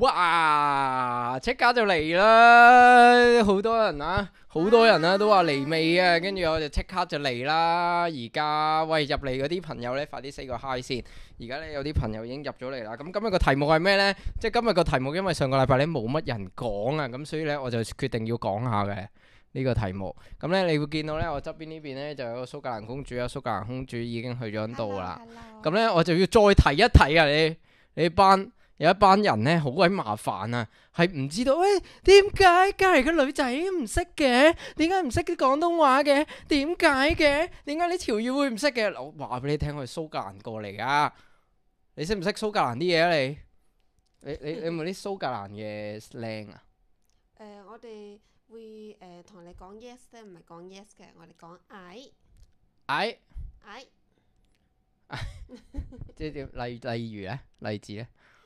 哇！即刻就嚟啦，好多人啊，好多人啊，都話嚟未啊，跟住我就即刻就嚟啦。而家喂入嚟嗰啲朋友咧，快啲 say 個 hi 先。而家咧有啲朋友已經入咗嚟啦。咁今日個題目係咩咧？即係今日個題目，因為上個禮拜咧冇乜人講啊，咁所以咧我就決定要講下嘅呢個題目。咁咧你會見到咧我側邊呢邊咧就有個蘇格蘭公主啊，蘇格蘭公主已經去咗度啦。咁咧我就要再提一提啊，你你班。有一班人咧，好鬼麻煩啊！係唔知道，喂，點解隔離嘅女仔都唔識嘅？點解唔識啲廣東話嘅？點解嘅？點解你潮語會唔識嘅？我話俾你聽，我係蘇格蘭過嚟噶。你識唔識蘇格蘭啲嘢啊？你你你你有冇啲蘇格蘭嘅 slang 啊？誒、呃，我哋會誒同、呃、你講 yes 咧、yes，唔係講 yes 嘅，我哋講 i i i 即係點？例如例如咧，例子咧。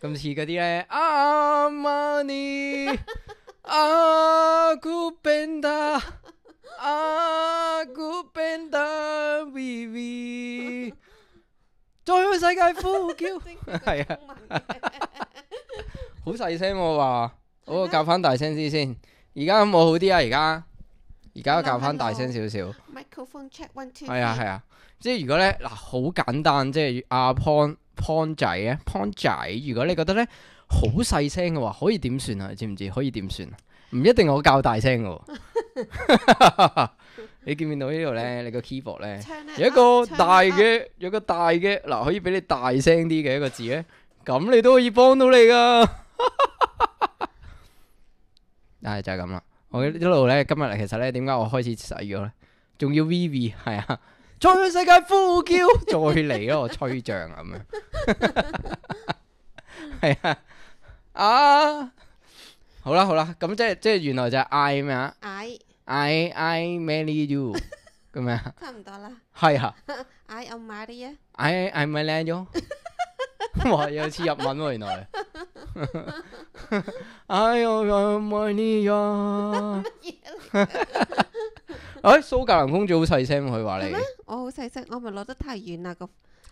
咁似嗰啲咧，阿瑪尼、阿古 banda、啊，Good banda，vv 再向世界呼叫，係啊，好細聲喎。好，我教翻大聲啲先。而家有冇好啲啊？而家，而家教翻大聲少少。Microphone check one two。係啊係啊，即係如果咧嗱，好簡單，即係阿 pon。pon 仔啊 pon 仔！如果你覺得咧好細聲嘅話，可以點算啊？你知唔知可以點算？唔一定我較大聲嘅。 你見唔見到呢度咧？你個 keyboard 咧，有一個大嘅，有個大嘅，嗱可以俾你大聲啲嘅一個字咧。咁你都可以幫到你噶。係 就係咁啦。我一路咧今日呢其實咧，點解我開始使咗咧？仲要 V V 係啊。衝向世界呼叫，再嚟嗰個吹脹咁樣，係啊，啊，好啦好啦，咁即係即係原來就係嗌咩啊？嗌嗌嗌 many you 咁樣，差唔多啦，係啊，I am Maria，I I'm Angelo。哇！有次 日文喎、啊 哎，原來。哎呀，我唔愛你呀。哎，蘇格蘭公主好細聲，佢話你。我好細聲，我咪攞得太遠啦個。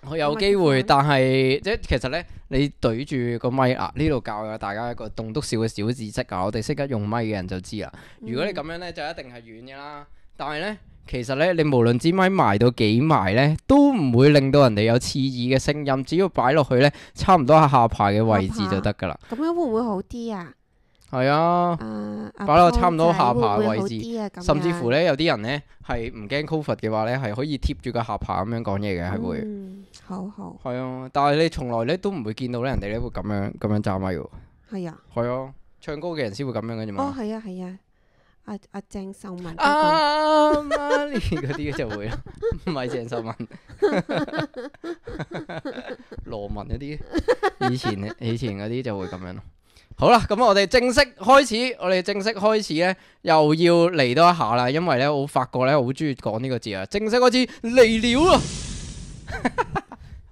我有機會，嗯、但係即係其實咧，你對住個咪啊，呢度教下大家一個棟篤笑嘅小知識啊，我哋識得用咪嘅人就知啦。如果你咁樣咧，就一定係遠嘅啦。但係咧。其實咧，你無論支咪埋到幾埋咧，都唔會令到人哋有刺耳嘅聲音。只要擺落去咧，差唔多下下排嘅位置就得噶啦。咁樣會唔會好啲 啊？係啊，擺落差唔多下排位置，會會甚至乎咧，有啲人咧係唔驚 cover 嘅話咧，係可以貼住個下排咁樣講嘢嘅，係會、嗯、好好。係啊，但係你從來咧都唔會見到咧人哋咧會咁樣咁樣揸咪喎。係啊，係啊，唱歌嘅人先會咁樣噶啫嘛。哦，係啊，係啊。阿阿鄭秀文啊，媽咪嗰啲就會啦，唔係鄭秀文， 羅文嗰啲，以前以前嗰啲就會咁樣咯。好啦，咁、嗯、我哋正式開始，我哋正式開始咧，又要嚟多一下啦，因為咧我發覺咧我好中意講呢個字啊，正式嗰次嚟了啊，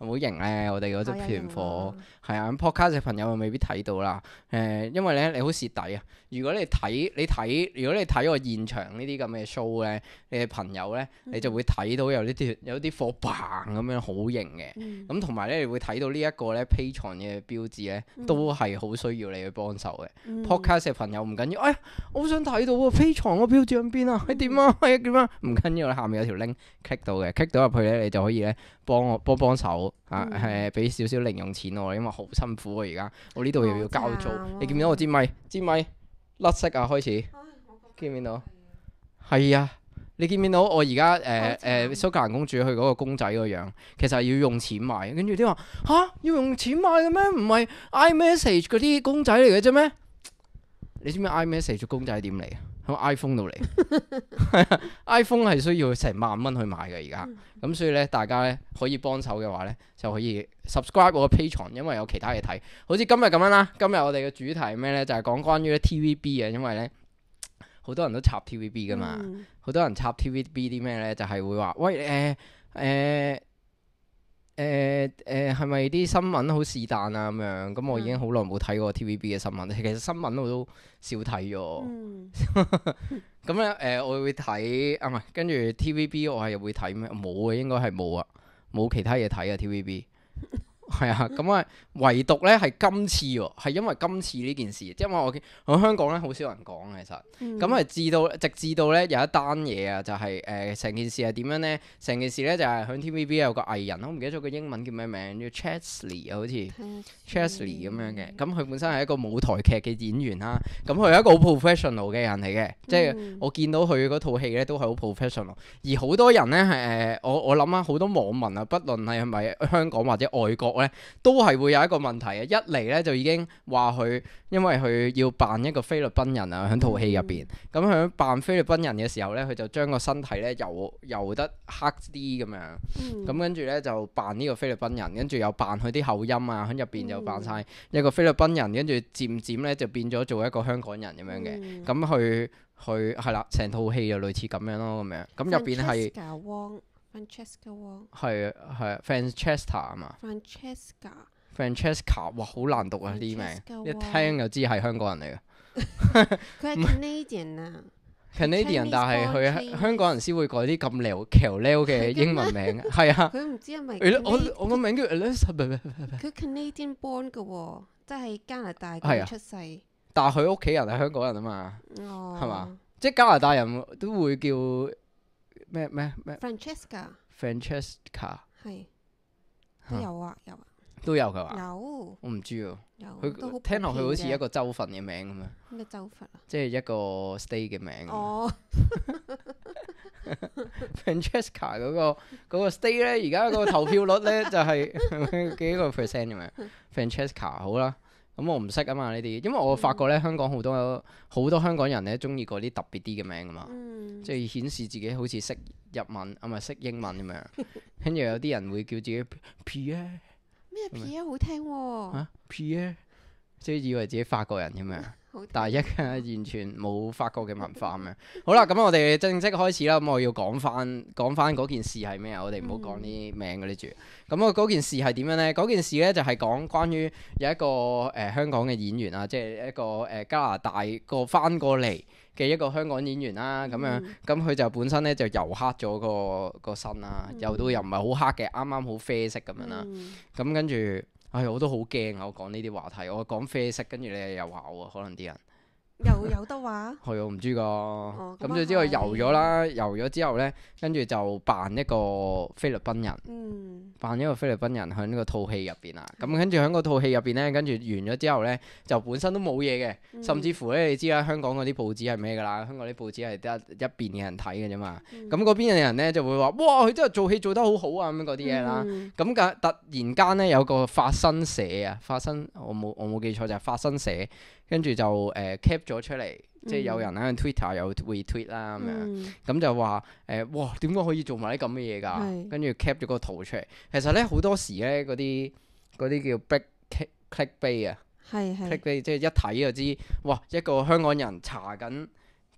好型咧，我哋嗰隻團夥。哎係啊，Podcast 嘅朋友未必睇到啦。誒、呃，因為咧你好蝕底啊。如果你睇你睇，如果你睇個現場呢啲咁嘅 show 咧，你嘅朋友咧，嗯、你就會睇到有啲啲有啲貨棒 a 咁樣好型嘅。咁同埋咧，你會睇到呢一個咧 Patreon 嘅標誌咧，都係好需要你去幫手嘅。嗯、Podcast 嘅朋友唔緊要，哎呀，我好想睇到啊，Patreon 個標誌喺邊啊？係點啊？係點啊？唔緊要，下面有條 link click 到嘅 click 到入去咧，你就可以咧幫我幫幫手啊，係俾少少零用錢我，因為，好辛苦啊！而家我呢度又要交租，你見唔見到我支咪支咪甩色啊？開始見唔見到？係 啊，你見唔見到我而家誒誒蘇格蘭公主去嗰個公仔個樣，其實係要用錢買，跟住啲話吓要用錢買嘅咩？唔係 iMessage 嗰啲公仔嚟嘅啫咩？你知唔知 iMessage 公仔點嚟啊？喺 iPhone 度嚟，iPhone 係需要成萬蚊去買嘅，而家，咁、嗯、所以咧大家咧可以幫手嘅話咧，就可以 subscribe 我個 Patreon，因為有其他嘢睇。好似今日咁樣啦，今日我哋嘅主題咩咧，就係、是、講關於 TVB 嘅，因為咧好多人都插 TVB 噶嘛，好、嗯、多人插 TVB 啲咩咧，就係、是、會話喂誒誒。呃呃誒誒，係咪啲新聞好是但啊？咁樣咁，我已經好耐冇睇過 T V B 嘅新聞，其實新聞我都少睇咗。咁咧、嗯，誒、 呃，我會睇啊？唔係，跟住 T V B，我係會睇咩？冇啊，應該係冇啊，冇其他嘢睇啊，T V B。係啊，咁啊，唯獨咧係今次喎，係因為今次呢件事，因為我喺香港咧好少人講其實，咁啊至到直至到咧有一單嘢啊，就係誒成件事係點樣咧？成件事咧就係響 TVB 有個藝人，我唔記得咗個英文叫咩名，叫 Chesley 啊，好似、嗯、Chesley 咁樣嘅。咁佢本身係一個舞台劇嘅演員啦，咁佢係一個好 professional 嘅人嚟嘅，嗯、即係我見到佢嗰套戲咧都係好 professional。而好多人咧係誒，我我諗下好多網民啊，不論係係咪香港或者外國。都係會有一個問題嘅，一嚟咧就已經話佢因為佢要扮一個菲律賓人啊，喺套戲入邊，咁喺、嗯、扮菲律賓人嘅時候咧，佢就將個身體咧油油得黑啲咁樣，咁跟住咧就扮呢個菲律賓人，跟住又扮佢啲口音啊，喺入邊就扮晒、嗯、一個菲律賓人，跟住漸漸咧就變咗做一個香港人咁樣嘅，咁去去係啦，成套戲就類似咁樣咯，咁樣，咁入邊係。係啊係啊，Francesca 啊嘛。Francesca，Francesca 哇，好難讀啊呢啲名，一聽就知係香港人嚟嘅。佢係 Canadian 啊，Canadian，但係佢香港人先會改啲咁嬲 chill 嘅英文名，係啊。佢唔知係咪？我我個名叫 Alissa，佢 Canadian born 嘅喎，即係加拿大出世。但係佢屋企人係香港人啊嘛，哦係嘛？即係加拿大人都會叫。咩咩咩？Francesca，Francesca，係、啊、都有，有啊，有都有噶嘛？有我唔知啊，有佢聽落去好似一個州份嘅名咁樣。咩州份啊？即係一個 state 嘅名、那個。哦，Francesca 嗰個嗰個 state 咧，而家個投票率咧就係 幾個 percent 咁樣。 Francesca 好啦。咁、嗯、我唔識啊嘛呢啲，因為我發覺咧香港好多好多香港人咧中意嗰啲特別啲嘅名啊嘛，嗯、即係顯示自己好似識日文唔係識英文咁樣，跟住 有啲人會叫自己 P 啊，咩 P 啊好聽喎，P 啊，即係以為自己法國人咁樣。 但係一完全冇法國嘅文化咁樣。 好啦，咁我哋正式開始啦。咁我要講翻講翻嗰件事係咩啊？我哋唔好講啲名嗰啲住。咁啊、嗯，嗰件事係點樣呢？嗰件事呢就係、是、講關於有一個誒、呃、香港嘅演員啊，即係一個誒、呃、加拿大個翻過嚟嘅一個香港演員啦。咁、嗯、樣咁佢就本身呢就油黑咗個個身啦，油到又唔係好黑嘅，啱啱好啡色咁樣啦。咁、嗯嗯、跟住。哎我都好驚啊！我講呢啲話題，我講啡色，跟住你又又話我，可能啲人。 又有得話？係啊， 唔知噶。咁就之佢游咗啦，游咗之後呢，跟住就扮一個菲律賓人。嗯。扮一個菲律賓人喺個套戲入邊啊。咁跟住喺個套戲入邊呢，跟住完咗之後呢，就本身都冇嘢嘅，甚至乎呢，你知啦，香港嗰啲報紙係咩噶啦？香港啲報紙係得一邊嘅人睇嘅啫嘛。咁嗰邊嘅人呢，就會話：，哇，佢真係做戲做得好好啊！咁嗰啲嘢啦。咁、嗯嗯、突然間呢，有個法新社啊，法新，我冇我冇記錯就係、是、法新社。跟住就誒 cap 咗出嚟，嗯、即係有人喺 Twitter 又會 retweet 啦咁、嗯、樣。咁就話，誒，哇點解可以做埋啲咁嘅嘢噶？是跟住 cap 咗個圖出嚟，其實咧好多時咧嗰啲嗰啲叫 clickbait 啊，clickbait 即係一睇就知，哇一個香港人查緊。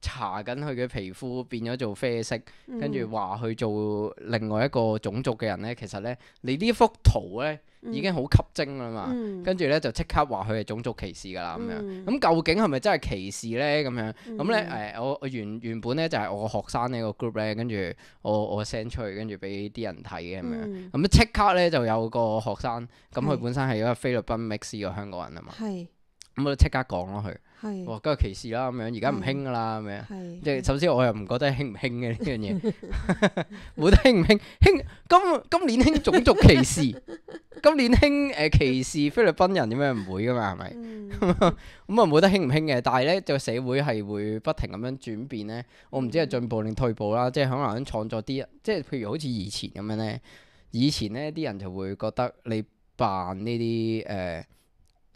搽緊佢嘅皮膚變咗做啡色，跟住話佢做另外一個種族嘅人咧，嗯、其實咧你呢幅圖咧已經好吸睛啦嘛，嗯、跟住咧就即刻話佢係種族歧視噶啦咁樣。咁、嗯、究竟係咪真係歧視咧？咁樣咁咧誒，我我原原本咧就係我學生呢個 group 咧，跟住我我 send 出去，跟住俾啲人睇嘅咁樣。咁即刻咧就有個學生，咁佢本身係一個菲律賓 mix 嘅香港人啊嘛，咁我即刻講咯佢。係，哇！咁歧視啦，咁樣而家唔興啦，咁樣、嗯。係，即係首先我又唔覺得興唔興嘅呢樣嘢，冇 得興唔興，興今今年興種族歧視， 今年興誒歧視菲律賓人點樣唔會噶嘛，係咪？嗯。咁啊冇得興唔興嘅，但係咧就社會係會不停咁樣轉變咧。我唔知係進步定退步啦，嗯、即係可能創作啲，即係譬如好似以前咁樣咧，以前咧啲人就會覺得你扮呢啲誒。呃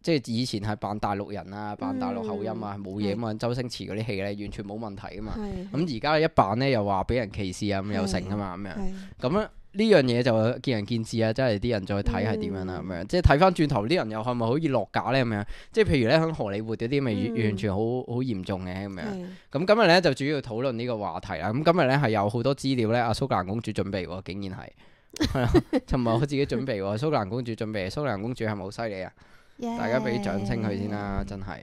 即係以前係扮大陸人啊，扮大陸口音啊，冇嘢啊嘛。是周星馳嗰啲戲咧，完全冇問題㗎嘛。咁而家一扮咧，又話俾人歧視啊，咁是又成啊嘛咁是樣。咁樣呢樣嘢就見仁見智啊、嗯，即係啲人再睇係點樣啦咁樣。即係睇翻轉頭啲人又係咪可以落架咧咁樣？即係譬如咧喺荷里活嗰啲，咪、嗯、完全好好嚴重嘅咁樣。咁是今日咧就主要討論呢個話題啦。咁今日咧係有好多資料咧、啊，阿蘇格蘭公主準備喎，竟然係，係啊，同埋我自己準備喎，蘇格蘭公主準備。蘇格蘭公主係咪好犀利啊？Yeah. 大家俾掌聲佢先啦，真係。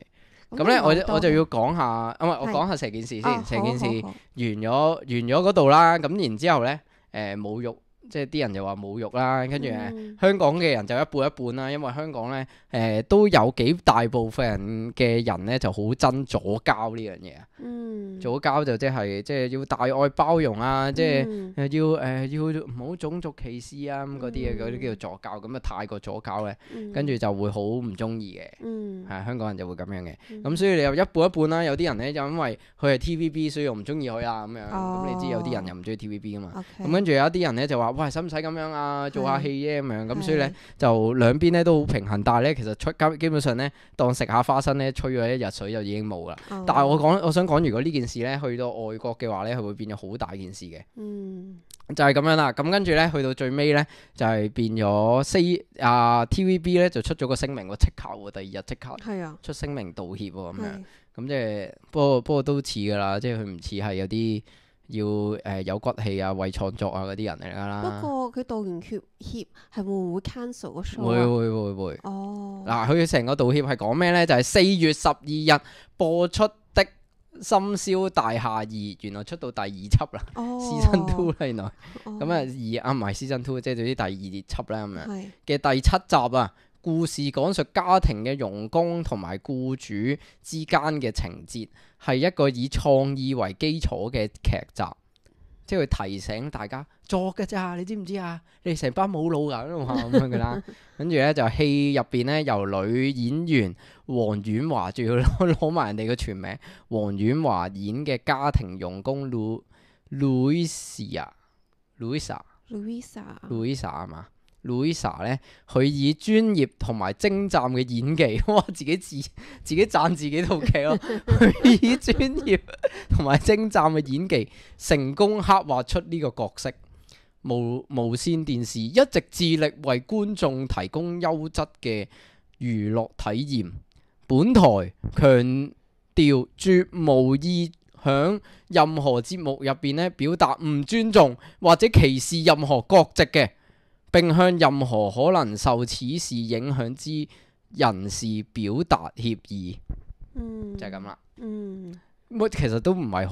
咁呢，我我就要講下，唔係、 啊、我講下成件事先，成、oh, 件事完咗，完咗嗰度啦。咁然之後呢，誒侮辱。即係啲人又話侮辱啦，跟住、啊、 香港嘅人就一半一半啦，因為香港咧誒、哎、都有幾大部分人嘅人咧就好憎左膠呢樣嘢，左膠就是、即係即係要大愛包容啊，即係要誒、呃、要唔好種族歧視啊，咁嗰啲嘢，嗰啲叫做左膠，咁啊太過左膠咧，跟住就會好唔中意嘅，係、啊、香港人就會咁樣嘅，咁 所以你又一半一半啦，有啲人咧就因為佢係 TVB，所以又唔中意佢啊咁樣，咁你知有啲人又唔中意 TVB 噶嘛，咁跟住有一啲人咧就話。喂，使唔使咁樣啊？做下戲啫、啊，咁的樣咁，所以咧就兩邊咧都好平衡。但係咧，其實出街基本上咧當食下花生咧，吹咗一日水就已經冇啦。哦、但係我講，我想講，如果呢件事咧去到外國嘅話咧，佢會變咗好大件事嘅。嗯，就係咁樣啦。咁跟住咧，去到最尾咧，就係、是、變咗 C 啊 TVB 咧就出咗個聲明喎，即刻喎，第二日即刻出聲明道歉喎咁樣。咁的、嗯、即係不過不過都似噶啦，即係佢唔似係有啲。要誒、呃、有骨氣啊、為創作啊嗰啲人嚟㗎啦。完不過佢道歉協係會唔會 cancel 個 show 會會會會。會會會哦。嗱，佢成個道歉係講咩呢？就係、是、四月十二日播出的《深宵大廈二》，原來出到第二輯啦，哦《season two》原來。哦。咁啊，二啱埋《season two》，即係對於第二輯啦，咁樣嘅第七集啊。故事講述家庭嘅傭工同埋僱主之間嘅情節，係一個以創意為基礎嘅劇集，即係會提醒大家作㗎咋， 你知唔知啊？你哋成班冇腦人嘛咁樣嘅啦，跟住 呢，就戲入邊呢，由女演員黃婉華，仲要攞埋人哋嘅全名，黃婉華演嘅家庭傭工 Louisa Louisa 啊，Louisa 啊，Louisa 啊，Louisa 啊嘛。Louisa 咧，佢以專業同埋精湛嘅演技，哇！自己自自己讚自己套劇咯。佢以專業同埋精湛嘅演技，成功刻畫出呢個角色。無無線電視一直致力為觀眾提供優質嘅娛樂體驗。本台強調，絕無意響任何節目入邊咧表達唔尊重或者歧視任何國籍嘅。並向任何可能受此事影響之人士表達歉意，就係咁啦。嗯，嗯其實都唔係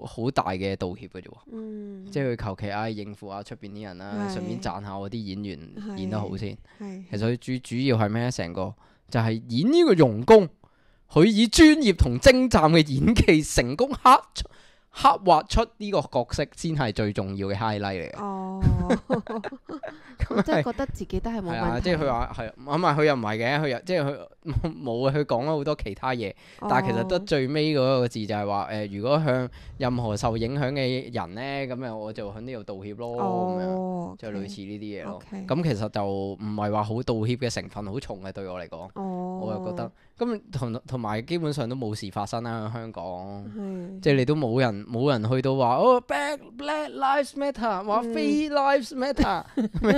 好好大嘅道歉嘅啫。嗯、即係佢求其唉應付下出邊啲人啦，啊，順便讚下我啲演員演得好先。其實佢最主，主要係咩？成個就係演呢個傭工，佢以專業同精湛嘅演技成功黑咗。刻畫出呢個角色先係最重要嘅 highlight 嚟嘅。哦、oh. 即 係、就是、覺得自己都係冇問題即係佢話係，咁、 就是、啊，佢又唔係嘅，佢又即係佢冇啊，佢講咗好多其他嘢，但係其實得最尾嗰個字就係話誒，如果向任何受影響嘅人咧，咁樣我就喺呢度道歉咯，咁、oh. Okay. 樣就類似呢啲嘢咯。咁 Okay.、嗯、其實就唔係話好道歉嘅成分好、就是、重嘅，對我嚟講。Oh. 我覺得咁同同埋，基本上都冇事發生啦。香港，即係你都冇人冇人去到話哦，Black Black Lives Matter，話 Free Lives Matter，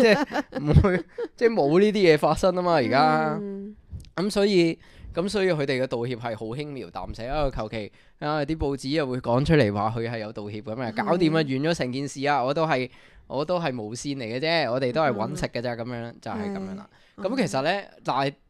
即係唔會，即係冇呢啲嘢發生啊嘛。而家咁所以咁所以，佢哋嘅道歉係好輕描淡寫啊，求其啊，啲報紙又會講出嚟話佢係有道歉咁啊，搞掂啊，完咗成件事啊，我都係我都係無綫嚟嘅啫，我哋都係揾食嘅啫，咁樣就係咁樣啦。咁其實呢。但係。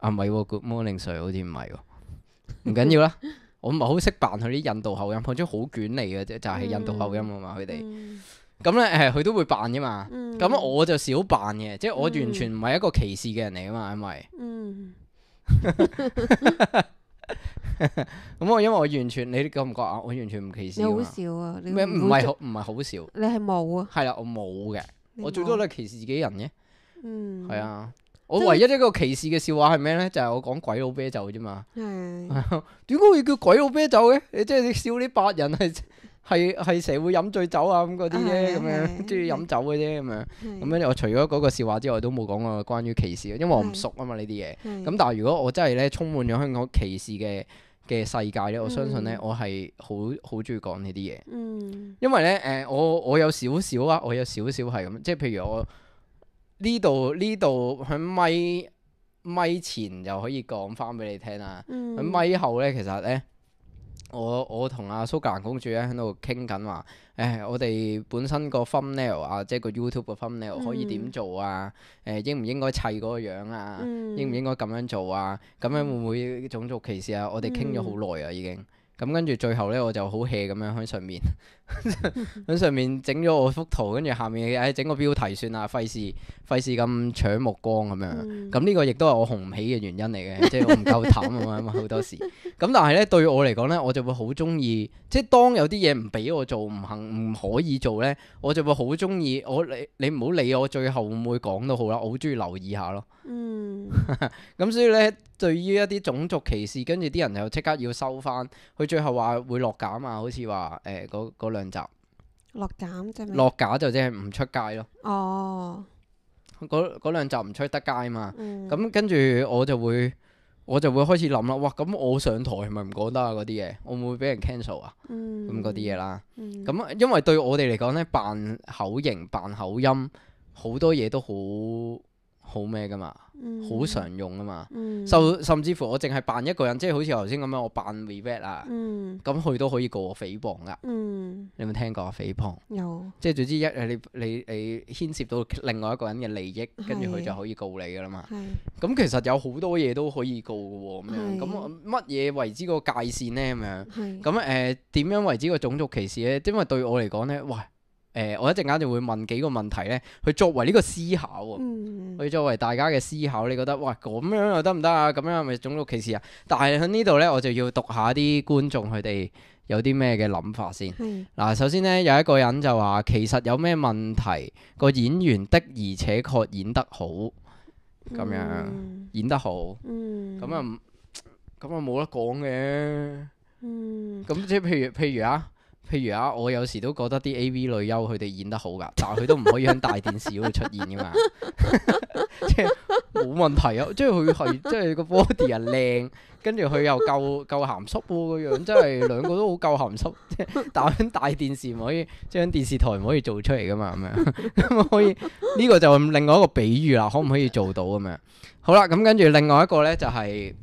啊，唔、啊啊、係喎，Good morning，Sir，好似唔係喎，唔緊要啦， 我唔係好識扮佢啲印度口音，我張好捲嚟嘅啫，就係、是、印度口音啊嘛，佢哋，咁咧誒，佢、嗯嗯、都會扮嘅嘛，咁我就少扮嘅，即係我完全唔係一個歧視嘅人嚟噶嘛，係咪？嗯，咁我因，為 因為我完全，你覺唔覺啊？我完全唔歧視你、啊，你好少啊，咩？唔係唔係好少，你係冇啊？係啦，我冇嘅，你我最多都係歧視自己人嘅，嗯，係啊、嗯。嗯。我唯一一個歧視嘅笑話係咩呢？就係、係、我講鬼佬啤酒啫嘛。係的。點解會叫鬼佬啤酒嘅？你即係你笑呢白人係係係成日會飲醉酒，而已而已而已啊咁嗰啲啫，咁樣中意飲酒嘅啫咁樣。咁樣、嗯嗯、我除咗嗰個笑話之外，都冇講過關於歧視，因為我唔熟啊嘛呢啲嘢。咁的、嗯、但係如果我真係咧充滿咗香港歧視嘅嘅世界呢，我相信呢的、嗯呃，我係好好中意講呢啲嘢。因為呢，誒，我我有少少啊，我有少少我有少少係咁，即係譬如我。呢度呢度喺咪咪前就可以講翻俾你聽啦。喺咪後咧，其實咧，我我同阿蘇格蘭公主咧喺度傾緊話，誒我哋本身個 thumbnail 啊，即係個 YouTube 個 thumbnail 可以點做啊？誒應唔應該砌嗰個樣啊？應唔應該咁樣做啊？咁樣會唔會種族歧視啊？我哋傾咗好耐啊，已經。咁跟住最後咧，我就好 hea 咁樣喺上面。喺 上面整咗我幅圖，跟住下面試試，哎，整個標題算啦，費事費事咁搶目光咁樣。咁呢、嗯、個亦都係我紅唔起嘅原因嚟嘅， 即係我唔夠膽咁嘛，好多時。咁但係咧，對我嚟講咧，我就會好中意，即係當有啲嘢唔俾我做，唔行，唔可以做咧，我就會好中意，我你你唔好理我，我最後會唔會講都好啦，我好中意留意下咯。咁、嗯、 所以咧，對於一啲種族歧視，跟住啲人又即刻要收翻，佢最後話會落減啊，好似話誒兩。呃呃呃呃兩集落假落假就即係唔出街咯。哦，嗰嗰兩集唔出得街嘛。咁、嗯、跟住我就會我就會開始諗啦。哇，咁我上台係咪唔講得啊？嗰啲嘢，我會唔會俾人 cancel 啊？咁嗰啲嘢啦。咁、嗯、因為對我哋嚟講咧，扮口型、扮口音，好多嘢都好。好咩噶嘛？好、嗯、常用啊嘛。就、嗯、甚至乎我淨係扮一個人，即係好似頭先咁樣，我扮 revert 啊。咁佢都可以告我誹謗噶。嗯、你有冇聽過啊？誹謗。有即係總之一你你你牽涉到另外一個人嘅利益，跟住佢就可以告你噶啦嘛。咁是其實有好多嘢都可以告噶喎、哦，咁樣。咁乜嘢為之個界線呢？咁樣。咁誒，點樣，點樣為之個種族歧視呢？因為對我嚟講呢。喂。誒、呃，我一陣間就會問幾個問題呢，去作為呢個思考，嗯嗯，去作為大家嘅思考，你覺得，哇，咁樣又得唔得啊？咁樣係咪種族歧視啊？但係喺呢度呢，我就要讀一下啲觀眾佢哋有啲咩嘅諗法先。嗱、嗯，首先呢，有一個人就話，其實有咩問題？個演員的而且確演得好，咁樣、嗯、演得好，咁又咁又冇得講嘅。咁、嗯、即係譬如譬如啊。譬如啊，我有時都覺得啲 A.V. 女優佢哋演得好噶，但係佢都唔可以喺大電視嗰度出現噶嘛， 即係冇問題啊。即係佢係即係個 body 啊靚，跟住佢又夠夠鹹濕喎，個樣即係兩個都好夠鹹濕，即係但係喺大電視唔可以，即係喺電視台唔可以做出嚟噶嘛咁 樣，咁可以？呢、呢個就另外一個比喻啦，可唔可以做到咁樣？好啦，咁跟住另外一個咧就係、係、誒。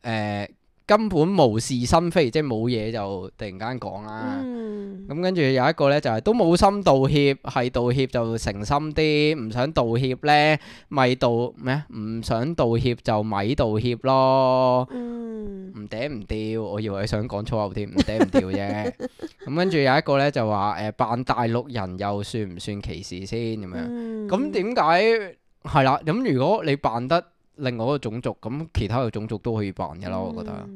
呃根本無事生非，即係冇嘢就突然間講啦。咁跟住有一個咧，就係都冇心道歉，係道歉就誠心啲，唔想道歉咧，咪道咩？唔想道歉就咪道歉咯。唔嗲唔掉，我以為你想講粗口添，唔嗲唔掉啫。咁跟住有一個咧，就話誒扮大陸人又算唔算歧視先咁樣？咁點解係啦？咁如果你扮得...另外一個種族，咁其他嘅種族都可以扮嘅囉，我覺得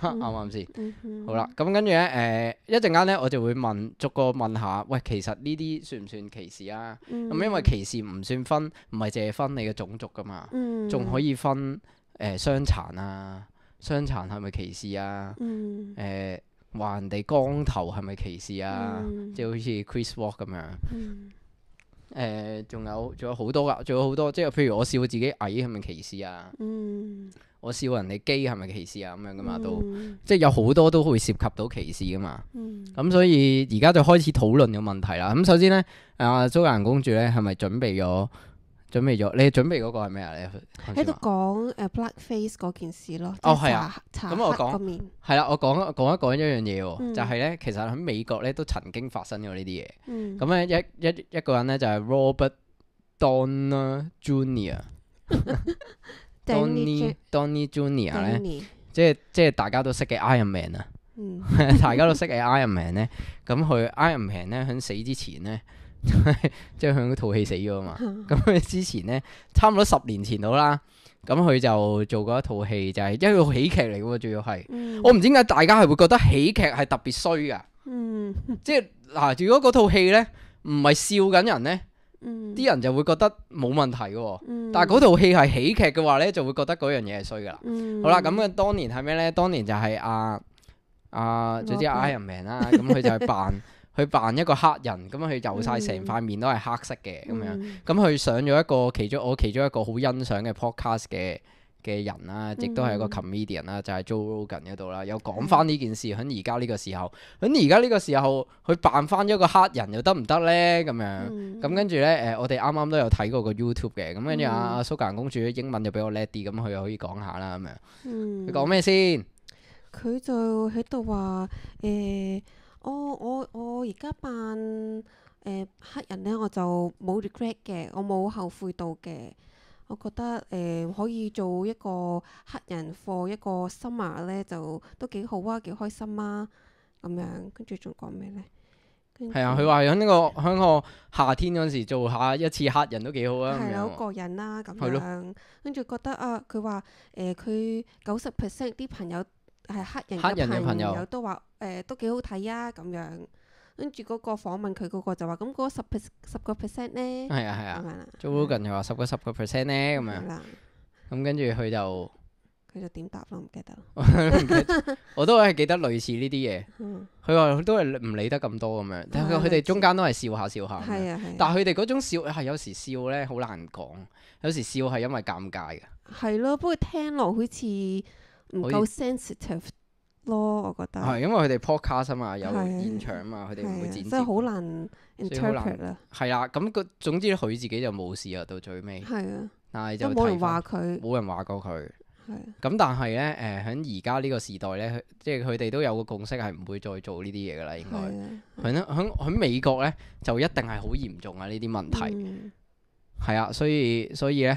啱唔啱先？好啦，咁跟住咧，誒一陣間咧，呢呃、我就會問逐個問下，喂，其實呢啲算唔算歧視啊？咁、嗯、因為歧視唔算分，唔係淨係分你嘅種族噶嘛，仲、嗯、可以分誒傷、呃、殘啊，傷殘係咪歧視啊？誒話、嗯嗯、人哋光頭係咪歧視啊？即係好似 Chris Walk 咁樣。誒，仲、呃、有仲有好多噶，仲有好多，即係譬如我笑自己矮係咪歧視啊？嗯、我笑人哋 gay 係咪歧視啊？咁樣噶嘛，都、嗯、即係有好多都會涉及到歧視噶嘛。咁、嗯、所以而家就開始討論嘅問題啦。咁首先呢，誒、呃，蘇格蘭公主呢係咪準備咗？準備咗，你準備嗰個係咩、哦、啊？你喺度講誒 black face 嗰件事咯，哦，係啊。咁我講，即係擦黑個面。係啦，我講講一講一樣嘢喎，就係咧，其實喺美國咧都曾經發生過呢啲嘢。咁咧，一一一個人咧就係 Robert Downey Jr. Downey Downey Jr. 咧，即係即係大家都識嘅 Iron Man 啊，嗯、 大家都識嘅 Iron Man 咧。咁佢 Iron Man 咧喺死之前咧。即係佢嗰套戲死咗嘛？咁 佢之前呢，差唔多十年前到啦。咁佢就做過一套戲，就係一個喜劇嚟嘅，仲要係。我唔知點解大家係會覺得喜劇係特別衰噶。嗯、即係嗱，如果嗰套戲呢唔係笑緊人呢，啲、嗯、人就會覺得冇問題嘅。嗯、但係嗰套戲係喜劇嘅話呢，就會覺得嗰樣嘢係衰噶啦。嗯、好啦，咁嘅當年係咩呢？當年就係阿阿總之 Iron Man 啦、嗯，咁 佢就係扮。 佢扮一個黑人，咁樣佢由晒成塊面都係黑色嘅，咁樣，咁佢上咗一個、嗯、其中我其中一個好欣賞嘅 podcast 嘅嘅人啦，亦都係一個 comedian 啦、嗯，就係 Joe Rogan 嗰度啦，有講翻呢件事喺而家呢個時候，咁而家呢個時候佢扮翻一個黑人又得唔得呢？咁樣，咁跟住呢，誒，我哋啱啱都有睇過個 YouTube 嘅，咁跟住阿蘇格蘭公主英文就比我叻啲，咁佢又可以講下啦，咁樣。佢講咩先？佢、嗯、就喺度話誒。呃呃哦、我我我而家扮誒、呃、黑人咧，我就冇 regret 嘅，我冇後悔到嘅。我覺得誒、呃、可以做一個黑人 for 一個 summer 咧，就都幾好啊，幾開心啊咁樣。跟住仲講咩咧？係啊，佢話響呢個響個夏天嗰陣時做下一次黑人都幾好啊，係啊，好過癮啦咁樣。跟住對咯 覺得啊，佢、呃、話，誒，佢九十 percent 啲朋友。係黑人嘅朋友都話誒、呃、都幾好睇啊咁樣，跟住嗰個訪問佢嗰個就話咁嗰十十個 percent 咧，係啊係啊，Zoogan 又話十個十個 percent 咧咁樣，咁跟住佢就佢就點答咯唔記得， 我都係記得類似呢啲嘢，佢話 都係唔理得咁多咁樣，佢哋中間都係笑下笑下，係啊，但係佢哋嗰種笑係有時笑咧好難講，有時笑係因為尷尬嘅，係咯，不過聽落好似。唔夠 sensitive 咯，我覺得係因為佢哋 podcast 啊嘛，有現場啊嘛，佢哋唔會剪接，真係好難 interpret 啦。係啦，咁個總之佢自己就冇事啊，到最尾係啊，但係就冇人話佢，冇人話過佢。咁但係呢，誒喺而家呢個時代呢，即係佢哋都有個共識，係唔會再做呢啲嘢噶啦。應該係啦，喺美國呢，就一定係好嚴重啊呢啲問題。係啊，所以所以呢，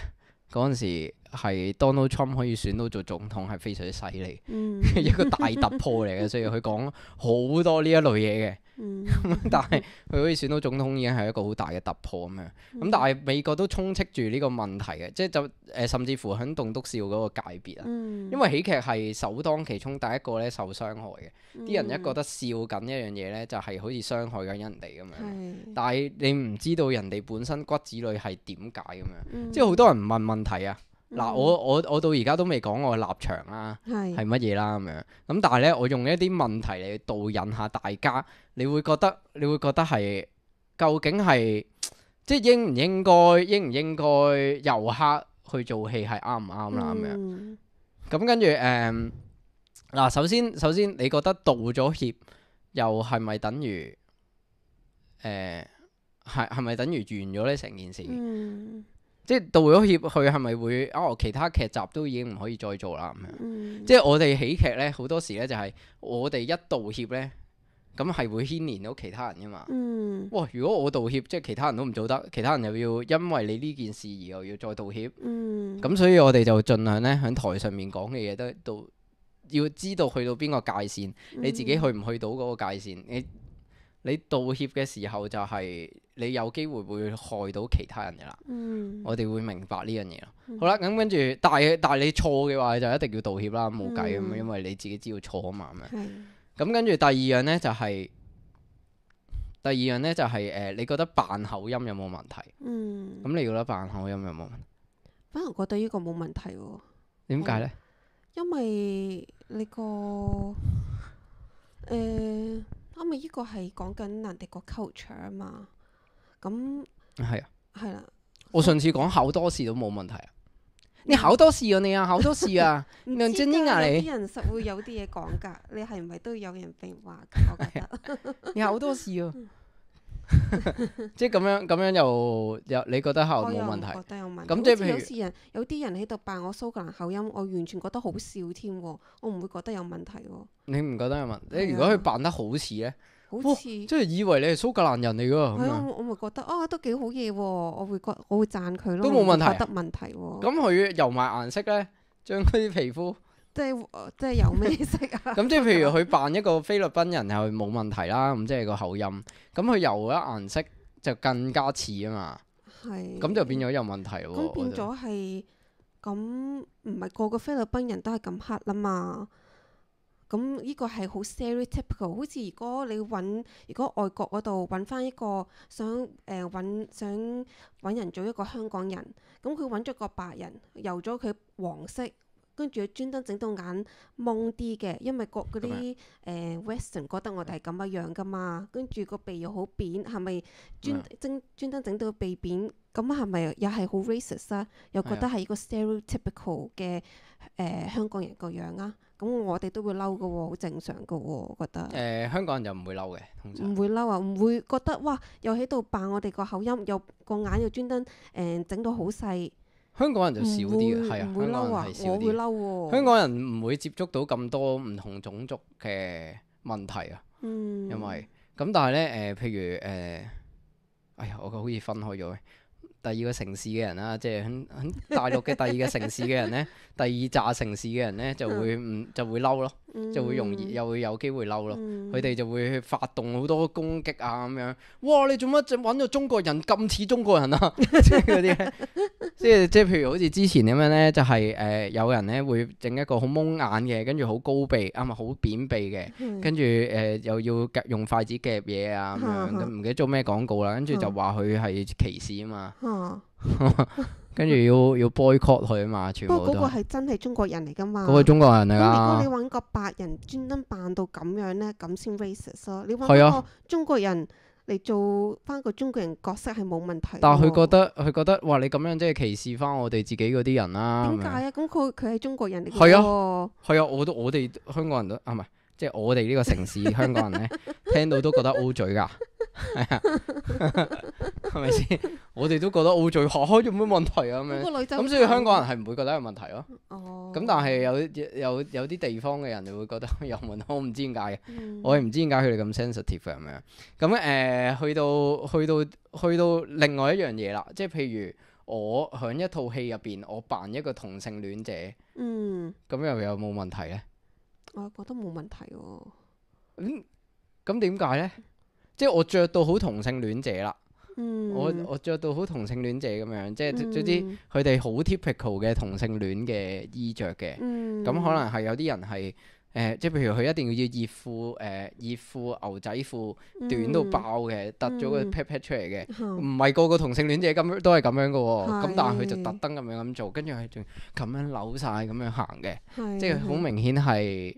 嗰陣時。係 Donald Trump 可以選到做總統係非常之犀利，嗯、一個大突破嚟嘅，所以佢講好多呢一類嘢嘅。嗯、 但係佢可以選到總統已經係一個好大嘅突破咁樣。咁、嗯、但係美國都充斥住呢個問題嘅，即係就誒、呃、甚至乎喺棟篤笑嗰個界別啊，嗯、因為喜劇係首當其衝第一個咧受傷害嘅。啲人一覺得笑緊一樣嘢咧，就係好似傷害緊人哋咁樣。嗯、但係你唔知道人哋本身骨子裏係點解咁樣，嗯嗯、即係好多人唔問問題啊。嗱，我我我到而家都未講我嘅立場啦，係乜嘢啦咁樣。咁、嗯、但係咧，我用一啲問題嚟導引下大家，你會覺得你會覺得係究竟係即係應唔應該，應唔應該遊客去做戲係啱唔啱啦咁樣。咁跟住誒，嗱、嗯嗯，首先首先，你覺得道咗歉又係咪等於誒係係咪等於完咗呢成件事？嗯即係道咗歉，去，係咪會哦，其他劇集都已經唔可以再做啦，咁樣、嗯。即係我哋喜劇呢，好多時呢就係、是、我哋一道歉呢，咁係會牽連到其他人噶嘛。哇、嗯哦！如果我道歉，即係其他人都唔做得，其他人又要因為你呢件事而又要再道歉。咁、嗯、所以我哋就盡量呢喺台上面講嘅嘢都到，要知道去到邊個、嗯、個界線，你自己去唔去到嗰個界線？你你道歉嘅時候就係、是。你有機會會害到其他人嘅啦，嗯、我哋會明白呢樣嘢咯。嗯、好啦，咁跟住，但係但係你錯嘅話，就一定要道歉啦，冇計嘅，嗯、因為你自己知道錯啊嘛。咁、嗯嗯嗯、跟住第二樣咧就係、是，第二樣咧就係、是，誒、呃，你覺得扮口音有冇問題？嗯。咁你覺得扮口音有冇問題？反而覺得呢個冇問題喎、啊。點解咧？因為呢、這個誒、呃，因為呢、這個係講緊人哋個 culture 啊嘛。咁係那啊，係啦、啊，我上次講好多事都冇問題啊，你好多事啊你啊，好多事啊，梁振英 啊，你啲人實會有啲嘢講噶， 你係咪都有人被話噶？你好多事啊， 即係咁樣咁樣又又你覺得係冇 問題？咁即係譬如有啲人喺度扮我蘇格蘭口音，我完全覺得好笑添，我唔會覺得有問題。你唔覺得有問題、啊、如果佢扮得好似咧？好似即係以為你係蘇格蘭人嚟噶，咁對樣我我會覺得啊，都幾好嘢、啊，我會覺我會讚佢咯、啊。都冇問題、啊，得問題、啊。咁佢油埋顏色咧，將佢啲皮膚即，即係即係油咩色啊？咁即係譬如佢扮一個菲律賓人係冇問題啦，咁即係個口音。咁佢油咗顏色就更加似啊嘛。係是。咁就變咗有問題咯。咁、嗯、變咗係，咁唔係個個菲律賓人都係咁黑啦嘛？咁依個係 stereoty 好 stereotypical，好似如果你揾，如果外國嗰度揾翻一個想誒揾、呃、想揾人做一個香港人，咁佢揾咗個白人，油咗佢黃色，跟住佢專登整到眼矇啲嘅，因為個嗰啲誒 Western 覺得我哋係咁樣樣噶嘛，跟住個鼻又好扁，係咪專精嗎專登整到個鼻扁？咁係咪又係好 racist 啊？又覺得係依個 stereotypical 嘅誒、呃、香港人個樣啊？咁我哋都會嬲㗎喎，好正常㗎喎、哦，我覺得誒香港人就唔會嬲嘅，唔會嬲啊，唔會覺得哇，又喺度扮我哋個口音，又個眼又專登誒整到好細。香港人就、呃、港人就少啲嘅，係啊會的，香港人係少啲。會香港人唔會接觸到咁多唔同種族嘅問題啊，嗯、因為咁，但係咧誒，譬如誒、呃，哎呀，我個好似分開咗。第二個城市嘅人啦，即係喺大陸嘅第二個城市嘅人呢，第二紮城市嘅人呢，就會唔就會嬲咯，就會容易又會有機會嬲咯。佢哋就會去發動好多攻擊啊咁樣。哇！你做乜整揾到中國人咁似中國人啊？即係嗰啲，即係即係譬如好似之前咁樣呢，就係誒有人呢會整一個好蒙眼嘅，跟住好高鼻啊嘛，好扁鼻嘅，跟住誒又要用筷子夾嘢啊咁樣，唔記得做咩廣告啦，跟住就話佢係歧視啊嘛。跟住 要 要 boycott 佢啊嘛，全部都。嗰個係真係中國人嚟噶嘛？嗰個，個、啊、個中國人嚟噶。咁你搵個白人專登扮到咁樣咧，咁先 racist 咯？你搵個中國人嚟做翻個中國人角色係冇問題，啊。但係佢覺得佢覺得，哇！你咁樣即係歧視翻我哋自己嗰啲人啦。點解啊？咁佢佢係中國人嚟噶。係啊，係啊，啊，我都我哋香港人都啊，唔係，即、就、係、是、我哋呢個城市 香港人咧，聽到都覺得 O 嘴噶。 係啊，係咪先？我哋都覺得澳洲開有咩問題啊咁樣，咁所以香港人係唔會覺得有問題咯，啊。咁，哦，但係有有有啲地方嘅人就會覺得有問題，我唔知點解、嗯、我我唔知點解佢哋咁 sensitive 咁樣。咁誒、呃，去到去到去到另外一樣嘢啦，即係譬如我響一套戲入邊，我扮一個同性戀者，咁又，嗯、有冇問題呢？我覺得冇問題喎，啊。咁咁點解呢？即係我着到好同性戀者啦、嗯我，我我著到好同性戀者咁樣，即、就、係、是、總之佢哋好 typical 嘅同性戀嘅衣着嘅，咁、嗯、可能係有啲人係誒，即、呃、係、就是、譬如佢一定要熱褲誒熱褲牛仔褲短到爆嘅，突咗個 pat pat 出嚟嘅，唔係、嗯、個個同性戀者咁都係咁樣嘅喎、喔，咁、嗯、但係佢就特登咁樣咁做，跟住佢仲咁樣扭晒，咁樣行嘅，嗯嗯、即係好明顯係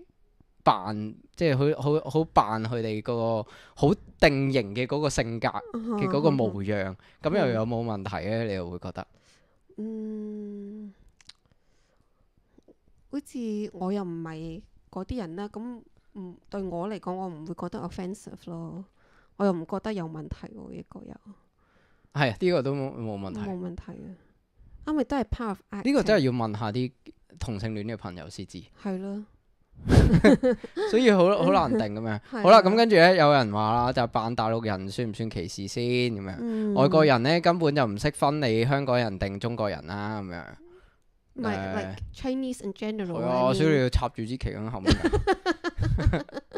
扮。即係好好好扮佢哋個好定型嘅嗰個性格嘅嗰個模樣，咁、uh huh. 又有冇問題咧？你又會覺得？嗯，好似我又唔係嗰啲人啦，咁唔對我嚟講，我唔會覺得 offensive 咯。我又唔覺得有問題喎，呢個又係啊，呢、呢個都冇問題，冇問題啊。因為都係 part 呢個真係要問下啲同性戀嘅朋友先知，係咯。 所以好好難定咁樣， 是的 好啦，咁跟住咧有人話啦，就扮大陸人算唔算歧視先咁樣？嗯、外國人咧根本就唔識分你香港人定中國人啦咁樣。嗯呃、Like Chinese and general。 所以你要插住支旗喺後面。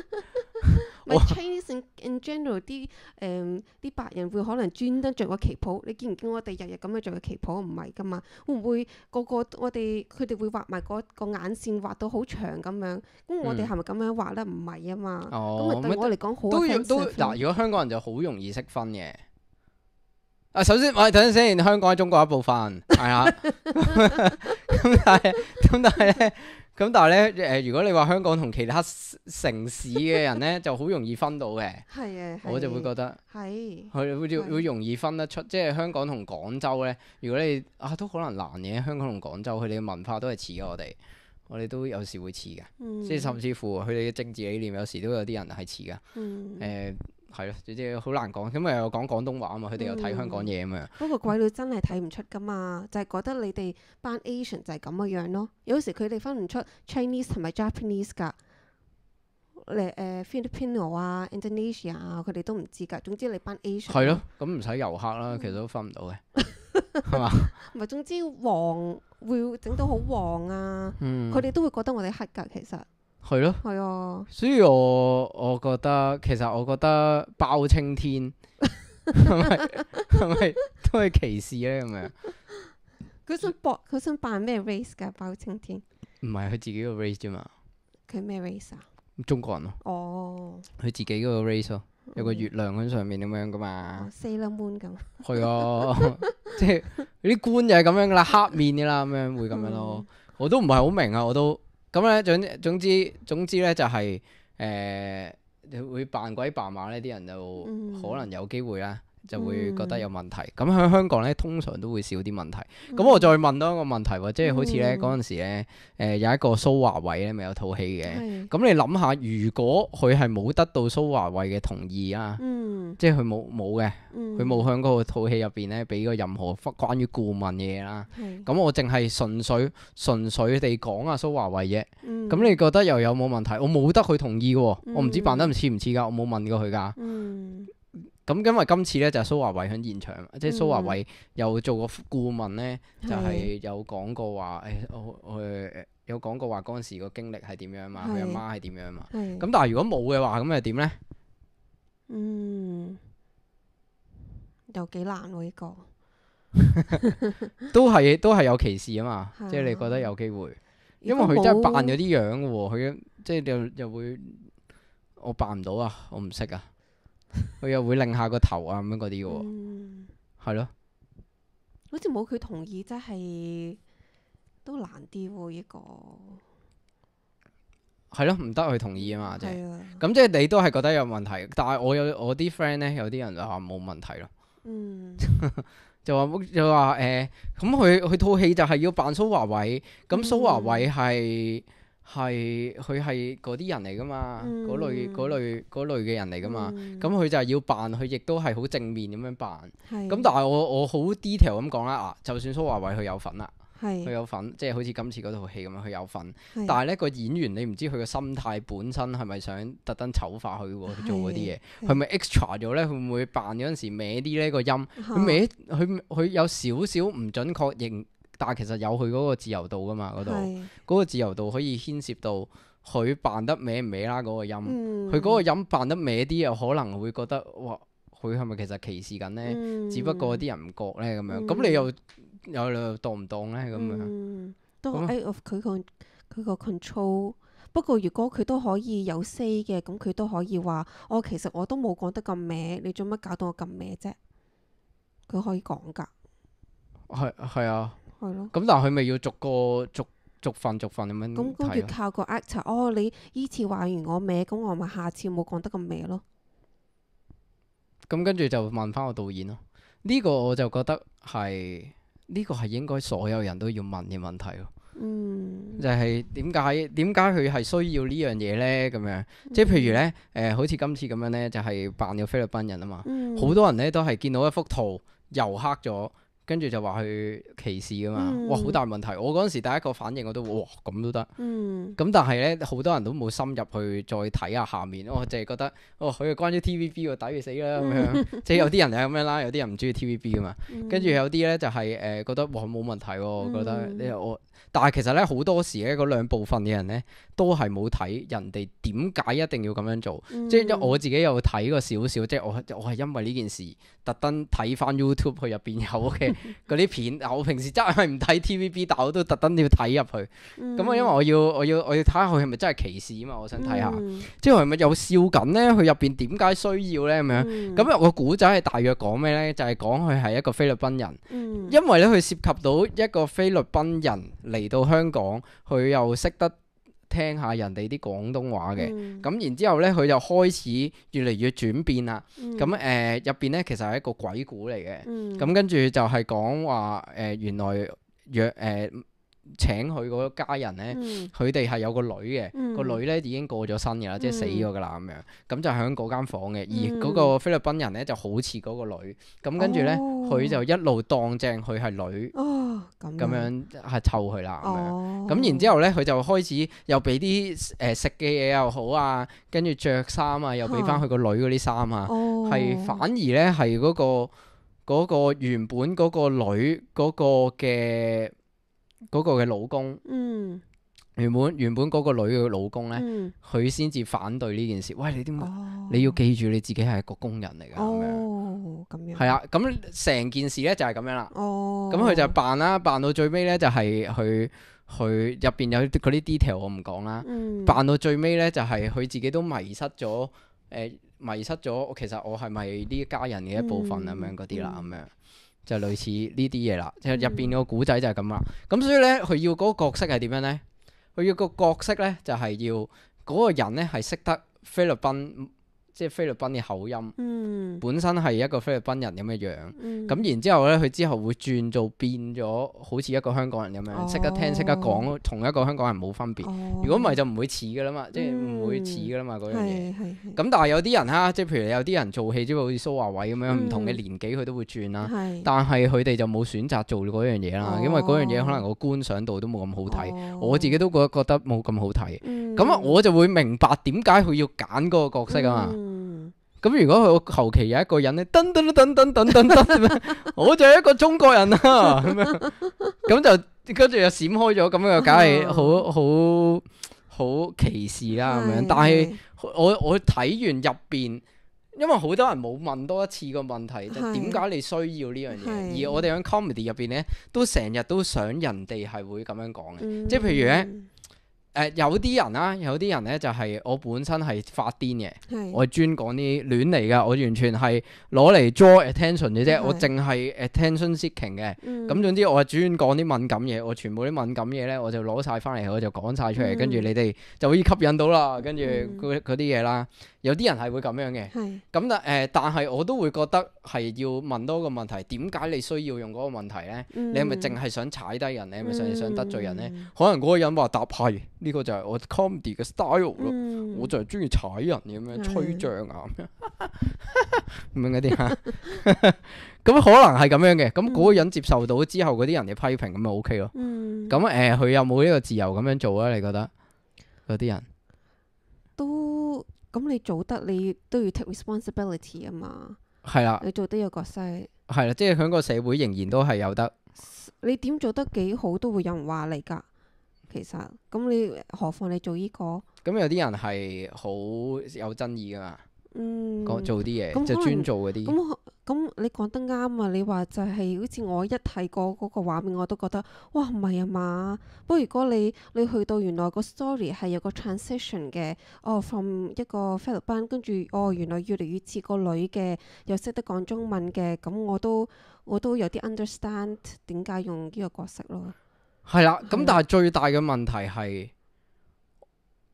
Chinese in general 啲誒啲白人會可能專登着個旗袍，你見唔見我哋日日咁樣着個旗袍？唔係噶嘛，會唔會個個我哋佢哋會畫埋個眼線畫到好長咁樣？咁我哋係咪咁樣畫咧？唔係啊嘛。哦。咁啊，對我嚟講好。都用都。嗱、啊，如果香港人就好容易識分嘅。啊，首先我哋、啊、等陣先，香港係中國一部分，係啊。 咁但係，咁但係咧。咁但係咧誒，如果你話香港同其他城市嘅人咧， 就好容易分到嘅。係啊 的，我就會覺得係，佢哋會會容易分得出。的即係香港同廣州咧，如果你啊都可能難嘅。香港同廣州，佢哋嘅文化都係似嘅。我哋我哋都有時會似嘅，嗯、即係甚至乎佢哋嘅政治理念，有時都有啲人係似嘅。嗯。呃係咯，姐姐好難講。咁誒，我講廣東話啊嘛，佢哋又睇香港嘢啊嘛。嗯、女不過鬼佬真係睇唔出㗎嘛，就係、是、覺得你哋班 Asian 就係咁嘅樣咯。有時佢哋分唔出 Chinese 同埋 Japanese 㗎，嚟誒 Filipino、呃、啊，Indonesia 啊，佢哋都唔知㗎。總之你班 Asian 係咯，咁唔使遊客啦， 其實都分唔到嘅，係嘛 吧？唔係，總之黃會整到好黃啊！佢哋、嗯、都會覺得我哋黑㗎，其實。係咯，係啊，所以我我覺得其實我覺得包青天係咪係咪都係歧視咧咁樣？佢想博，佢想扮咩 race 噶包青天？唔係佢自己個 race 啫嘛。佢咩 race 啊？中國人咯。哦。佢自己個 race 咯、啊，有個月亮喺上面咁樣噶嘛。Sailor Moon、oh, 咁。係啊， 即係啲官就係咁樣啦，黑面啲啦咁樣，會咁樣咯。我都唔係好明啊，我都。咁咧總之總之總之咧就係、是、你、呃、會扮鬼扮馬咧啲人就可能有機會啦。嗯。就會覺得有問題。咁喺香港咧，通常都會少啲問題。咁我再問多一個問題喎，即係好似咧嗰陣時咧，誒有一個蘇華偉咧，咪有套戲嘅。咁你諗下，如果佢係冇得到蘇華偉嘅同意啊，即係佢冇冇嘅，佢冇向嗰套戲入邊咧俾個任何關於顧問嘅嘢啦。咁我淨係純粹純粹地講阿蘇華偉啫。咁你覺得又有冇問題？我冇得佢同意嘅喎，我唔知扮得似唔似㗎，我冇問過佢㗎。咁因為今次咧就係蘇華偉喺現場，嗯、即係蘇華偉有做過顧問咧，就、哎、係、呃、有講過話，誒，我、嗯、有講過話嗰陣時個經歷係點樣啊，佢阿媽係點樣啊，咁但係如果冇嘅話，咁又點咧？嗯，又幾難喎呢個， 都係都係有歧視啊嘛，即係的你覺得有機會，因為佢真係扮咗啲樣嘅喎，佢即係又又會我扮唔到啊，我唔識啊。佢 又會擰下個頭啊，咁樣嗰啲嗯，係咯了，好似冇佢同意，真係都難啲喎呢個，係咯，唔得佢同意啊嘛，了即係，咁即係你都係覺得有問題，但係我有我啲 friend 咧，有啲人就話冇問題咯，嗯， 就話就話誒，咁佢佢套戲就係要扮蘇華偉，咁蘇華偉係。嗯係佢係嗰啲人嚟噶嘛，嗰、嗯、類嗰類嘅人嚟噶嘛。咁佢、嗯、就係要扮，佢亦都係好正面咁樣扮。咁是但係我我好 detail 咁講啦，啊，就算蘇華偉佢有份啦，佢是有份，即係好似今次嗰套戲咁樣，佢有份。是但係呢、個演員你唔知佢嘅心態本身係咪想特登醜化佢喎？佢是做嗰啲嘢佢咪 extra 咗呢？會唔會扮嗰陣時歪啲呢個音佢歪，佢佢有少少唔準確認。但係其實有佢嗰個自由度㗎嘛，嗰度嗰個自由度可以牽涉到佢扮得歪唔歪啦嗰、嗰個音，佢嗰、嗯、個音扮得歪啲，又可能會覺得哇，佢係咪其實歧視緊呢？嗯、只不過啲人唔覺呢？咁樣，咁你又有度唔當呢？咁樣？嗯、都佢個 control。們不過如果佢都可以有 say 嘅，咁佢都可以話：哦，其實我都冇講得咁歪，你做乜搞到我咁咩啫？佢可以講㗎。係係啊。係咯，咁但係佢咪要逐個逐逐份逐份咁樣睇？咁跟住靠個 actor，哦，你依次話完我歪，咁我咪下次冇講得咁咩咯。咁跟住就問翻個導演咯。呢、呢個我就覺得係呢、呢個係應該所有人都要問嘅問題咯。嗯，就係點解點解佢係需要呢樣嘢呢？咁樣，嗯、即係譬如呢，誒、呃，好似今次咁樣呢，就係、係、扮咗菲律賓人啊嘛。好、嗯、多人呢都係見到一幅圖，油黑咗。跟住就話佢歧視啊嘛，嗯、哇好大問題！我嗰陣時第一個反應我都哇咁都得，咁、嗯、但係咧好多人都冇深入去再睇啊下，下面，我淨係覺得哦佢關於 TVB 抵佢死啦，咁、嗯、樣，即係有啲人係咁樣啦，有啲人唔中意 TVB 噶嘛，跟住、嗯、有啲咧就係誒覺得哇冇問題喎，覺得，啊我覺得嗯、你我，但係其實咧好多時咧嗰兩部分嘅人咧都係冇睇人哋點解一定要咁樣做，嗯、即係因為我自己有睇過少少，即係我我係因為呢件事特登睇翻 YouTube 佢入邊有嘅。 嗰啲片我平時真係唔睇 TVB，但我都特登要睇入去，咁啊， 嗯、因為我要我要我要睇下佢係咪真係歧視啊嘛，我想睇下，即係係咪有笑緊咧？佢入邊點解需要咧？咁樣、嗯，咁啊個古仔係大約講咩咧？就係講佢係一個菲律賓人，嗯、因為咧佢涉及到一個菲律賓人嚟到香港，佢又識得。聽下人哋啲廣東話嘅，咁、嗯、然之後咧，佢就開始越嚟越轉變啦。咁誒入邊咧，其實係一個鬼故嚟嘅。咁跟住就係講話誒，原來若誒、呃呃、請佢嗰家人咧，佢哋係有個女嘅，嗯、個女咧已經過咗身噶啦，嗯、即係死咗噶啦咁樣。咁、嗯、就喺嗰間房嘅，而嗰個菲律賓人咧就好似嗰個女。咁跟住咧，佢就一路當正佢係女。咁樣係湊佢啦，咁、哦、樣，咁然之後呢，佢就開始又俾啲誒食嘅嘢又好啊，跟住着衫啊，又俾翻佢個女嗰啲衫啊，係、哦、反而呢，係嗰、嗰個嗰、嗰個原本嗰個女嗰、嗰個嘅嗰、嗰個嘅老公。嗯原本原本嗰個女嘅老公呢，佢先至反對呢件事。喂，你點？啊、你要記住你自己係一個工人嚟噶，咁樣係啊。咁成、啊、件事呢就係咁樣啦。咁佢就扮啦，扮到最尾呢就係佢佢入邊有啲 detail，我唔講啦。扮到最尾呢就係佢自己都迷失咗，誒、呃，迷失咗。其實我係咪呢家人嘅一部分咁樣嗰啲啦？咁樣就類似呢啲嘢啦。即就入邊個古仔就係咁啦。咁所以呢，佢要嗰個角色係點樣呢？佢要個角色咧，就係要嗰個人咧係識得菲律賓。即係菲律賓嘅口音，本身係一個菲律賓人咁嘅樣，咁然之後呢，佢之後會轉做變咗，好似一個香港人咁樣，識得聽識得講，同一個香港人冇分別。如果唔係就唔會似噶啦嘛，即係唔會似噶啦嘛嗰樣嘢。咁但係有啲人哈，即係譬如有啲人做戲，即係好似蘇華偉咁樣，唔同嘅年紀佢都會轉啦。但係佢哋就冇選擇做嗰樣嘢啦，因為嗰樣嘢可能個觀賞度都冇咁好睇。我自己都覺得冇咁好睇。咁啊，我就會明白點解佢要揀嗰個角色啊嘛。咁如果佢求其有一個人咧，登登登登登登登咧，我就係一個中國人啦，咁樣，咁就跟住又閃開咗，咁樣又梗係好好好歧視啦，咁樣。但係我我睇完入邊，因為好多人冇問多一次個問題，就點、是、解你需要呢樣嘢？而我哋喺 comedy 入邊咧，都成日都想人哋係會咁樣講嘅，即係、嗯、譬如咧。誒、呃，有啲人啦、啊，有啲人咧，就係我本身係發癲嘅，是我專講啲亂嚟嘅，我完全係攞嚟 draw attention 嘅啫，是我淨係 attention seeking 嘅，咁、嗯、總之我係專講啲敏感嘢，我全部啲敏感嘢咧，我就攞晒翻嚟，我、嗯、就講晒出嚟，跟住你哋就可以吸引到啦，跟住嗰啲嘢啦。有啲人係會咁樣嘅，咁但誒，但係我都會覺得係要問多個問題，點解你需要用嗰個問題咧？嗯、你係咪淨係想踩低人？你係咪想想得罪人咧？嗯、可能嗰個人話答派。呢個就係我 comedy 嘅 style 咯、嗯，我就係中意踩人嘅咩？是的 吹脹 啊，咁 樣嗰啲嚇，咁可能係咁樣嘅。咁嗰個人接受到之後，嗰啲人嘅批評、OK，咁就 OK 咯。咁誒，佢、呃、有冇呢個自由咁樣做咧？你覺得嗰啲人都咁你做得你，你都要 take responsibility 啊嘛。係啦的，你做得有角色係啦，即係喺個社會仍然都係有得。你點做得幾好，都會有人話你㗎。其實咁你何況你做依、呢個？咁有啲人係好有爭議噶嘛？講、嗯、做啲嘢、嗯、就專做嗰啲。咁咁你講得啱啊！你話就係好似我一睇過嗰個畫面，我都覺得哇唔係啊嘛！不過如果你你去到原來個 story 係有個 transition 嘅，哦 from 一個菲律賓跟住哦原來越嚟越似個女嘅，又識得講中文嘅，咁、嗯、我都我都有啲 understand 點解 under 用呢個角色咯。係啦，咁但係最大嘅問題係、嗯、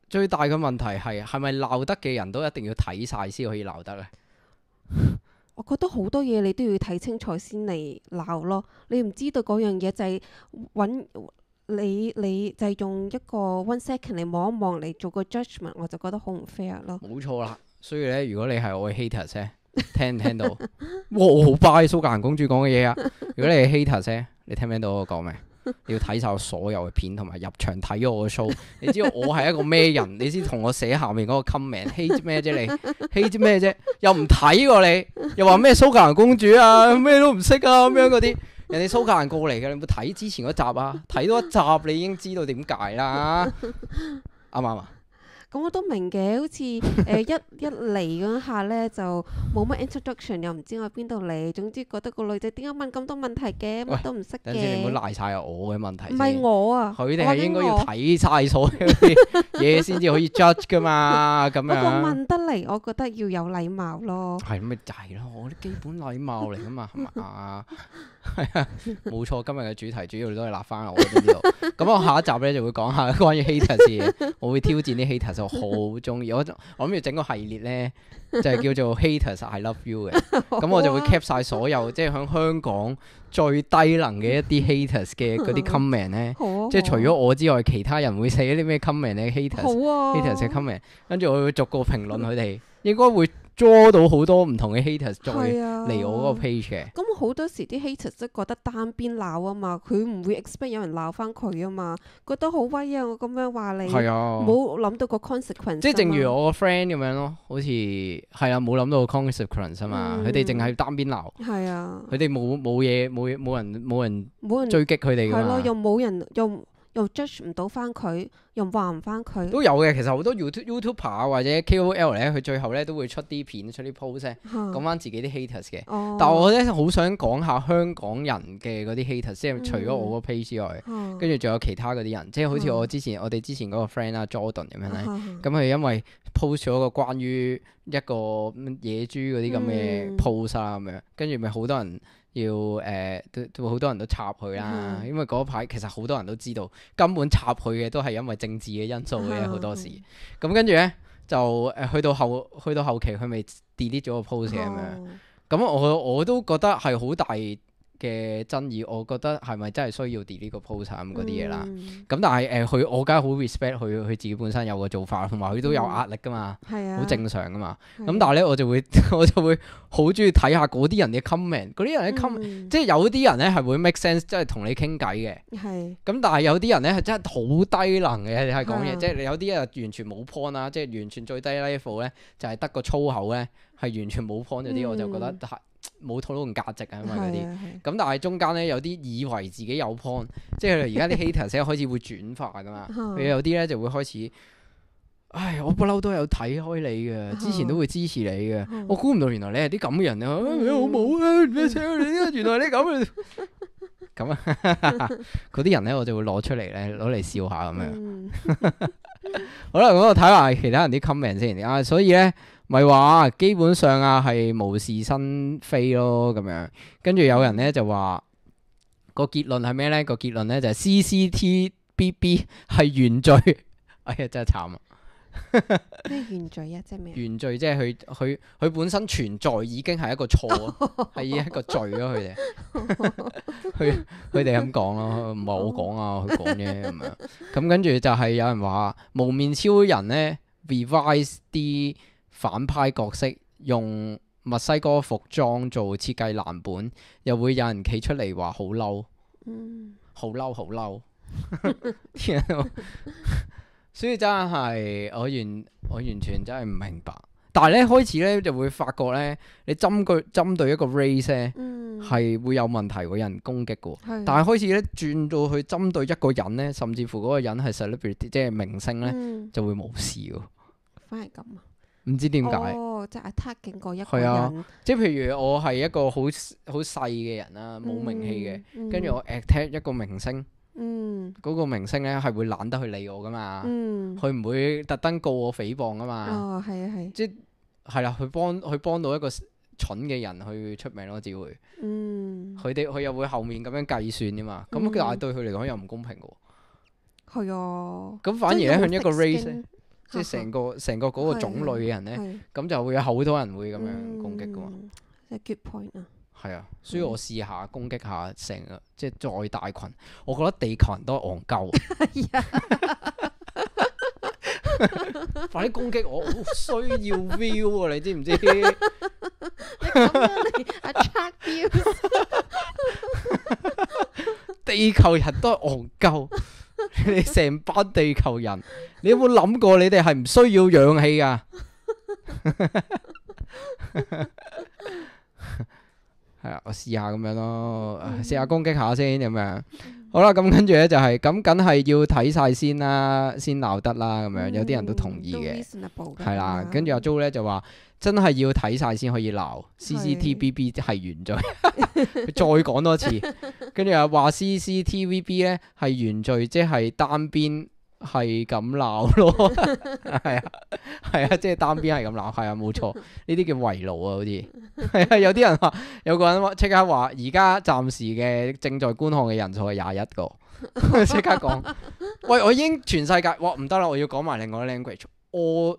最大嘅問題係係咪鬧得嘅人都一定要睇晒先可以鬧得呢？ 我覺得好多嘢你都要睇清楚先嚟鬧咯。你唔知道嗰樣嘢就係搵你，你就係用一個 one second 嚟望一望嚟做個 judgment，我就覺得好唔 fair 咯。冇錯啦，所以呢，如果你係我嘅 hater 啫， 聽唔聽到？ 哇我好拜蘇格蘭公主講嘅嘢啊？如果你係 hater 啫，你聽唔聽到我講咩？你要睇晒我所有嘅片同埋入場睇咗我嘅 show，你知道我係一個咩人，你先同我寫下面嗰個 comment，hate 咩啫、啊、你，hate 咩啫、啊，又唔睇喎你，又話咩蘇格蘭公主啊，咩都唔識啊咁樣嗰啲，人哋蘇格蘭過嚟嘅，你有冇睇之前嗰集啊？睇多一集你已經知道點解啦，啱唔啱啊？咁我都明嘅，好似誒、呃、一一嚟嗰下咧，就冇乜 introduction，又唔知我喺邊度嚟，總之覺得個女仔點解問咁多問題嘅，都唔識嘅。等陣你唔好賴晒我嘅問題。唔係我啊，佢哋係應該要睇晒所有嘢先至可以 judge 噶嘛，咁樣。不過問得嚟，我覺得要有禮貌咯。係咪 就係、是、咯，我啲基本禮貌嚟噶嘛，係嘛 是吧？係啊，冇錯。今日嘅主題主要都係立翻我都知道。咁 我下一集咧就會講下關於 haters， 我會挑戰啲 haters。就好中意，我我諗住整個系列呢，就係叫做 Haters I Love You 嘅。咁我就會 cap 晒所有，即係響香港最低能嘅一啲 Haters 嘅嗰啲 comment 呢，即係除咗我之外，其他人會寫一啲咩 comment 呢，Haters Haters 嘅 comment，跟住我會逐個評論佢哋，應該會。捉到好多唔同嘅 haters 再嚟我嗰個 page 嘅。咁好多時啲 haters 都係覺得單邊鬧啊嘛，佢唔會 expect 有人鬧翻佢啊嘛，覺得好威啊！我咁樣話你，冇諗、啊、到個 consequence。即係正如我個 friend 咁樣咯，好似係啊，冇諗到個 consequence 啊嘛、嗯，佢哋淨係單邊鬧。係啊，佢哋冇冇嘢，冇冇人冇人追擊佢哋㗎嘛。係咯，又冇人又。又 judge 唔到翻佢，又話唔翻佢。都有嘅，其實好多 YouTube、YouTuber 或者 KOL 咧，佢最後咧都會出啲片、出啲 posts，講翻自己啲 haters 嘅。哦、但係我咧好想講下香港人嘅嗰啲 haters 即係、嗯，除咗我個 page 之外，跟住仲有其他嗰啲人，即係好似我之前、嗯、我哋之前嗰個 friend 啊 Jordan 咁樣咧，咁佢、嗯、因為 post 咗一個關於一個野豬嗰啲咁嘅 post 啊咁樣，跟住咪好多人。要誒、呃、都都好多人都插佢啦，嗯、因為嗰排其實好多人都知道根本插佢嘅都係因為政治嘅因素嘅好多時。咁跟住咧就誒、呃、去到後去到後期佢咪 delete 咗個 post 咁樣。咁、嗯、我我都覺得係好大嘅爭議，我覺得係咪真係需要 delete 個 post 咁嗰啲嘢啦？咁、嗯、但係誒，佢、呃、我梗係好 respect 佢，佢自己本身有個做法，同埋佢都有壓力噶嘛，好、嗯、正常噶嘛。咁、嗯、但係咧，我就會我就會好中意睇下嗰啲人嘅 comment，嗰啲人嘅 comment，嗯、即係有啲人咧係會 make sense，即係同你傾偈嘅。咁、嗯、但係有啲人咧係真係好低能嘅，你係講嘢，嗯、即係有啲人完全冇 point 啦，即係完全最低 level 咧就係得個粗口咧，係完全冇 point 嗰啲，嗯、我就覺得冇討論價值啊嘛嗰啲，咁的但係中間咧有啲以為自己有 point， 即係而家啲 hater 先開始會轉化噶嘛， 有啲咧就會開始，唉，我不嬲都有睇開你嘅，之前都會支持你嘅， 我估唔到原來你係啲咁嘅人啊。我冇啊，你請你，原來你咁啊，嗰啲人咧我就會攞出嚟咧攞嚟笑下咁樣。好啦，咁我睇下其他人啲 comment 先啊，所以咧。咪話基本上啊，係無事生非咯，咁樣，跟住有人咧就話，個結論係咩咧？個結論咧就係、是、C C T B B 係原罪，哎呀真係慘啊！咩 原罪啊？即係咩？原罪即係佢佢佢本身存在已經係一個錯，係 一個罪咯。佢哋佢佢哋咁講咯，唔係我講啊，佢講嘅咁樣咁。跟住 就係有人話無面超人咧，revise 啲。Rev 反派角色用墨西哥服裝做設計藍本，又會有人企出嚟話好嬲，好嬲好嬲。 所以真係，我完我完全真係唔明白。但係咧開始咧就會發覺咧，你針對針對一個 race 咧，係、嗯、會有問題，喎，會有人攻擊嘅。的但係開始咧轉到去針對一個人咧，甚至乎嗰個人係 celebrity，即係明星咧，嗯、就會冇事反翻係咁啊！嗯唔知點解。哦，即係 attack 過一個人。係啊，即係譬如我係一個好好細嘅人啦，冇名氣嘅，跟住我 attack 一個明星。嗯，嗰個明星呢係會懶得去理我噶嘛。佢唔會特登告我誹謗噶嘛。哦，係啊，係。即係啦，佢幫佢幫到一個蠢嘅人去出名咯，只會。佢哋佢又會後面咁樣計算噶嘛？咁但係對佢嚟講又唔公平噶喎。係啊。咁反而呢，佢一個 race。即係成個成個嗰個種類嘅人咧，咁就會有好多人會咁樣攻擊噶喎。係、嗯、good point 啊。係啊，所以我試下攻擊下成個，嗯、即係再大群，我覺得地球人都係戇鳩。快啲攻擊我，好需要 view 啊！你知唔知？ 地球人都係戇鳩。 你成班地球人，你有冇諗過你哋係唔需要氧氣噶？係 啊， 我試下咁樣咯，試下攻擊下先咁樣。 嗯、好啦，咁跟住咧就係、是、咁，梗係要睇晒先啦，先鬧得啦咁樣。有啲人都同意嘅，係啦、嗯。 跟住阿 Jo 咧就話。真係要睇晒先可以鬧 CCTVB 係原罪，是 再講多次，跟住又話 CCTVB 咧係原罪，即係單邊係咁鬧咯，係 啊，係啊，即係單邊係咁鬧，係啊，冇錯，呢啲叫圍爐啊，好似係啊， 有啲人話有個人話即刻話，而家暫時嘅正在觀看嘅人數係廿一個，即 刻講，喂，我已經全世界，哇，唔得啦，我要講埋另，另外一個 language，我。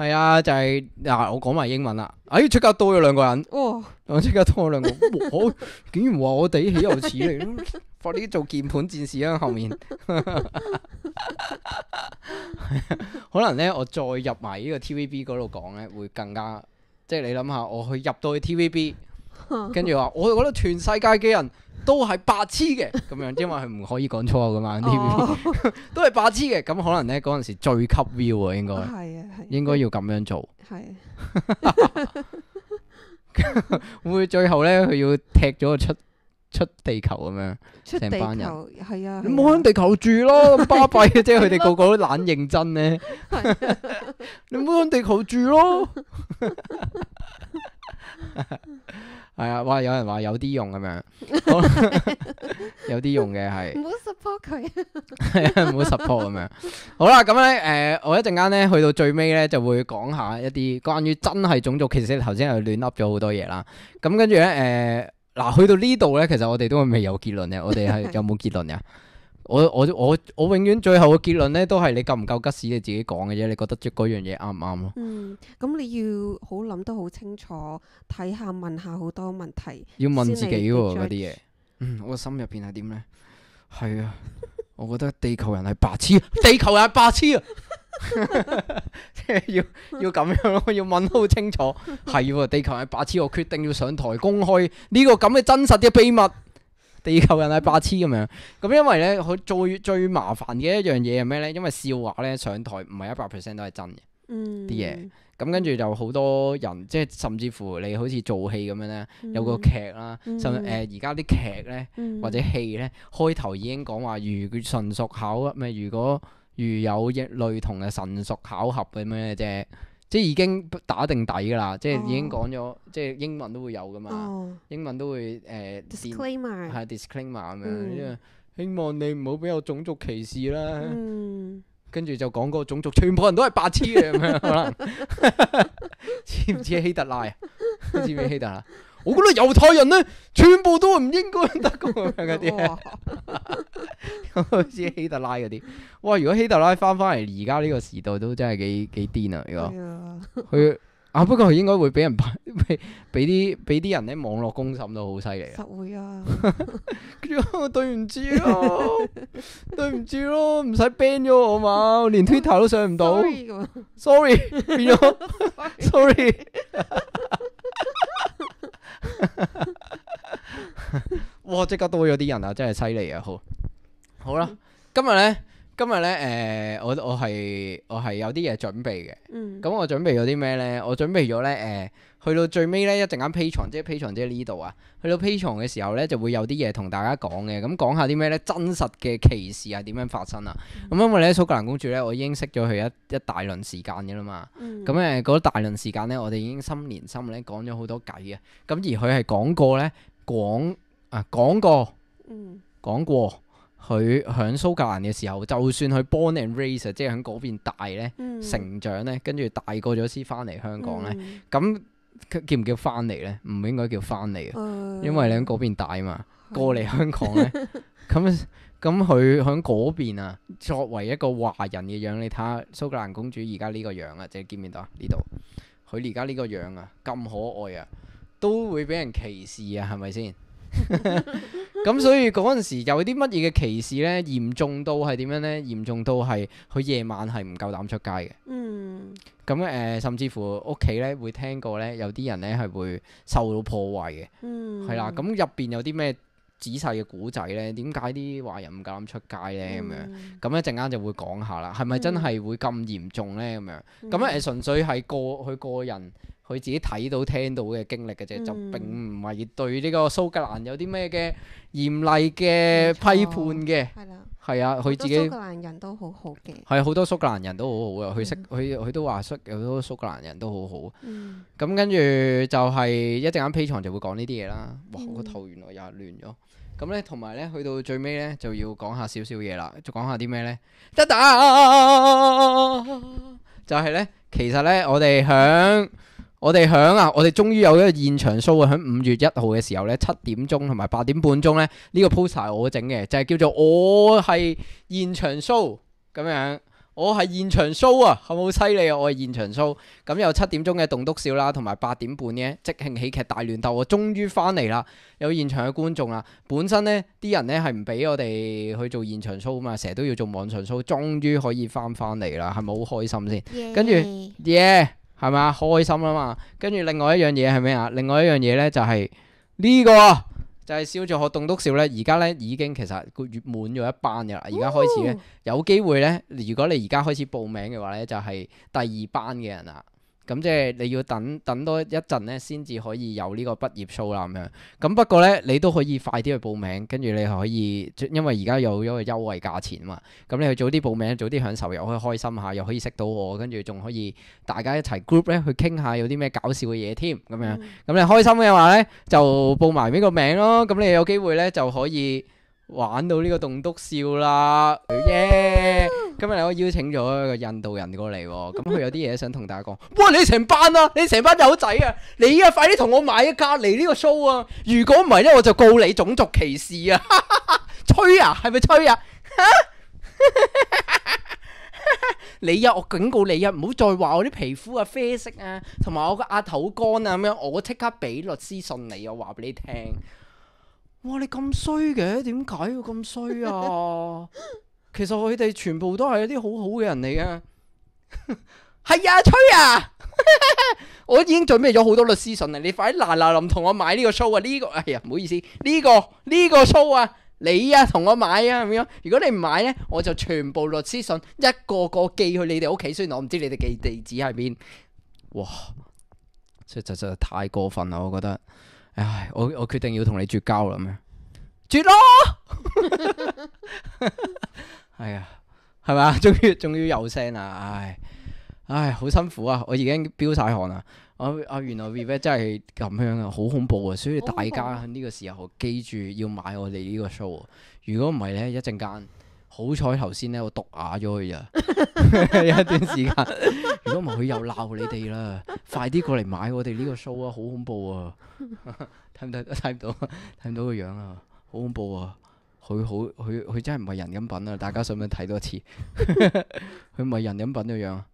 係啊，就係，是，嗱，啊，我講埋英文啦。哎，出街多咗兩個人，哦，我出街多咗兩個人，我竟然話我哋豈有此理咁，放啲做鍵盤戰士啊。後面。可能咧我再入埋呢個 TVB 嗰度講咧，會更加即係你諗下，我去入到去 TVB。跟住話，我我覺得全世界嘅人都係白痴嘅，咁樣，因為佢唔可以講錯噶嘛， TVB 都係白痴嘅，咁可能咧嗰陣時最吸 view 啊，應該係啊，應該要咁樣做，係 會，唔會最後咧佢要踢咗出出地球咁樣，成班人係啊，你唔好響地球住咯， 巴閉啊，即係佢哋個個都懶認真咧， 你唔好響地球住咯。 係啊、哎，哇！有人話有啲用咁樣，好 有啲用嘅係。唔好 support 佢，係啊，唔好 support 咁樣。好啦，咁咧，誒、呃，我一陣間咧去到最尾咧，就會講下一啲關於真係種族歧視。頭先又亂 up 咗好多嘢啦。咁跟住咧，誒，嗱、呃啊，去到呢度咧，其實我哋都未有結論嘅。我哋係有冇結論嘅？ 我我我我永遠最後嘅結論咧，都係你夠唔夠吉屎你自己講嘅啫。你覺得即嗰樣嘢啱唔啱咯？嗯，咁你要好諗得好清楚，睇下問下好多問題，要問自己嗰啲嘢。嗯，我心入邊係點咧？係啊，我覺得地球人係白痴，地球人係白痴啊！即係要要咁樣咯，要問得好清楚。係地球人係白痴，我決定要上台公開呢個咁嘅真實嘅秘密。地球人係白痴咁樣，咁因為呢，佢最最麻煩嘅一樣嘢係咩呢？因為笑話呢，上台唔係一百 percent 都係真嘅，啲嘢咁跟住就好多人，即係甚至乎你好似做戲咁樣呢，嗯、有個劇啦，甚至，呃而家啲劇呢，嗯、或者戲呢，開頭已經講話如純屬巧合，咪如果如有類同嘅純屬巧合咁樣嘅啫。即係已經打定底㗎啦，即係已經講咗，oh. 即係英文都會有㗎嘛，oh. 英文都會誒，係、呃、Disclaimer 咁樣、嗯，希望你唔好俾我種族歧視啦。嗯、跟住就講個種族，全部人都係白痴嘅咁樣，可能知唔知希特拉啊？ 知唔知希特拉？我覺得猶太人咧，全部都唔應該得嗰啲。好似希特拉嗰啲，哇！如果希特拉翻翻嚟而家呢個時代，都真係幾幾癲啊！如果佢啊，uh, 不過佢應該會俾人俾啲俾啲人咧網絡公審都好犀利啊！實會啊！佢話對唔住咯，對唔住咯，唔使 ban 咗我嘛，連 Twitter 都上唔到。Sorry，sorry。 哇！即刻多咗啲人啊，真係犀利啊！好，好啦，嗯、今日呢？今日呢？誒、呃，我我係我係有啲嘢準備嘅，咁、嗯、我準備咗啲咩呢？我準備咗呢。誒、呃。去到最尾呢，一陣間 Patreon，即係 Patreon 即呢度啊！去到 Patreon 嘅時候呢，就會有啲嘢同大家講嘅，咁講下啲咩呢？真實嘅歧視係點樣發生啊？咁、嗯、因為呢，喺蘇格蘭公主呢，我已經識咗佢一一大輪時間嘅啦嘛。咁誒、嗯，嗰、嗯、大輪時間呢，我哋已經心連心呢，講咗好多偈啊。咁而佢係講過呢，講啊講過，嗯、講過佢喺蘇格蘭嘅時候，就算佢 born and raised 即係喺嗰邊大呢，嗯、成長呢，跟住大個咗先翻嚟香港呢。咁、嗯。嗯叫唔叫翻嚟呢？唔應該叫翻嚟啊，uh、因為你喺嗰邊大嘛，過嚟香港呢，咁咁佢喺嗰邊啊，作為一個華人嘅樣，你睇下蘇格蘭公主而家呢個樣啊，即係見唔見到啊？呢度佢而家呢個樣啊，咁可愛啊，都會俾人歧視啊，係咪先？咁 所以嗰陣時有啲乜嘢嘅歧視呢？嚴重到係點樣呢？嚴重到係佢夜晚係唔夠膽出街嘅。嗯。咁誒、呃，甚至乎屋企呢會聽過呢，有啲人呢係會受到破壞嘅。嗯。係啦，咁入邊有啲咩仔細嘅古仔呢？點解啲華人唔夠膽出街呢？咁、嗯、樣，咁一陣間就會講下啦。係咪真係會咁嚴重呢？咁、嗯、樣，咁誒純粹係個佢個人。佢自己睇到聽到嘅經歷嘅啫，就、嗯、並唔係對呢個蘇格蘭有啲咩嘅嚴厲嘅批判嘅係啦，係啊錯，佢自己蘇格蘭人都好好嘅，係好多蘇格蘭人都好好啊。佢識佢佢都話識，好多蘇格蘭人都好好。咁跟住就係、是、一陣間 Patreon 就會講呢啲嘢啦。嗯、哇，我個頭原來又係亂咗咁咧。同埋咧，去到最尾咧就要講下少少嘢啦。就講下啲咩咧？就係咧，其實咧，我哋響。我哋響啊！我哋終於有一個現場 show 啊！喺五月一號嘅時候呢，七點鐘同埋八點半鐘呢，呢、這個 poster 我整嘅，就係、是、叫做我係現場 show 咁樣，我係現場 show 啊！係咪好犀利啊？我係現場 show 咁有七點鐘嘅棟篤笑啦，同埋八點半嘅即興喜劇大亂鬥，我終於翻嚟啦，有現場嘅觀眾啊！本身呢啲人呢，係唔俾我哋去做現場 show 啊嘛，成日都要做網上 show，終於可以翻翻嚟啦，係咪好開心先？Yeah. 跟住 y、yeah. 係咪啊？開心啦嘛！跟住另外一樣嘢係咩啊？另外一樣嘢咧就係、係呢個就係、呢個就係笑著學棟篤笑咧。而家咧已經其實個月滿咗一班嘅啦。而家開始咧有機會咧，如果你而家開始報名嘅話咧，就係、是、第二班嘅人啦。咁即係你要等等多一陣咧，先至可以有呢個畢業 show 啦咁樣。咁不過呢，你都可以快啲去報名，跟住你可以，因為而家有咗個優惠價錢啊嘛。咁你去早啲報名，早啲享受，又可以開心下，又可以識到我，跟住仲可以大家一齊 group 咧去傾下有啲咩搞笑嘅嘢添咁樣。咁、嗯、你開心嘅話呢，就報埋呢個名咯。咁你有機會呢，就可以。玩到呢個棟篤笑啦，耶、yeah!！今日我邀請咗一個印度人過嚟、哦，咁、嗯、佢有啲嘢想同大家講。喂，你成班啊，你成班友仔啊，你啊，你呀快啲同我買、啊、隔離呢個 show 啊！如果唔係咧，我就告你種族歧視啊！吹 啊，係咪吹啊？ 你啊，我警告你啊，唔好再話我啲皮膚啊啡色啊，同埋我個額頭乾啊咁樣，我即刻俾律師信你啊，話俾你聽。哇！你咁衰嘅，點解要咁衰啊？ 其實佢哋全部都係一啲好好嘅人嚟嘅。係 啊，吹啊！ 我已經準備咗好多律師信啊！你快啲嗱嗱臨同我買呢個 show 啊！呢個哎呀，唔好意思，呢個呢個 show 啊，你啊同我買啊咁樣。如果你唔買呢，我就全部律師信一個個寄去你哋屋企。雖然我唔知你哋寄地址喺邊。哇！真係真係太過分啦，我覺得。唉，我我決定要同你絕交啦咩？絕咯！係 啊， 係咪？終於，終於有聲啦！唉唉，好辛苦啊！我已經飆晒汗啦！我、啊、我、啊、原來 reveal、ah、真係咁樣啊，好恐怖啊！所以大家喺呢個時候記住要買我哋呢個 show，如果唔係咧，一陣間。好彩頭先咧，我毒啞咗佢咋？有一段時間，如果唔係佢又鬧你哋啦！快啲過嚟買我哋呢個 show 啊！好恐怖啊！睇唔睇？睇唔到？睇唔到個樣啊！好恐怖啊！佢好佢佢真係唔係人飲品啊！大家想唔想睇多次？佢唔係人飲品嘅樣啊！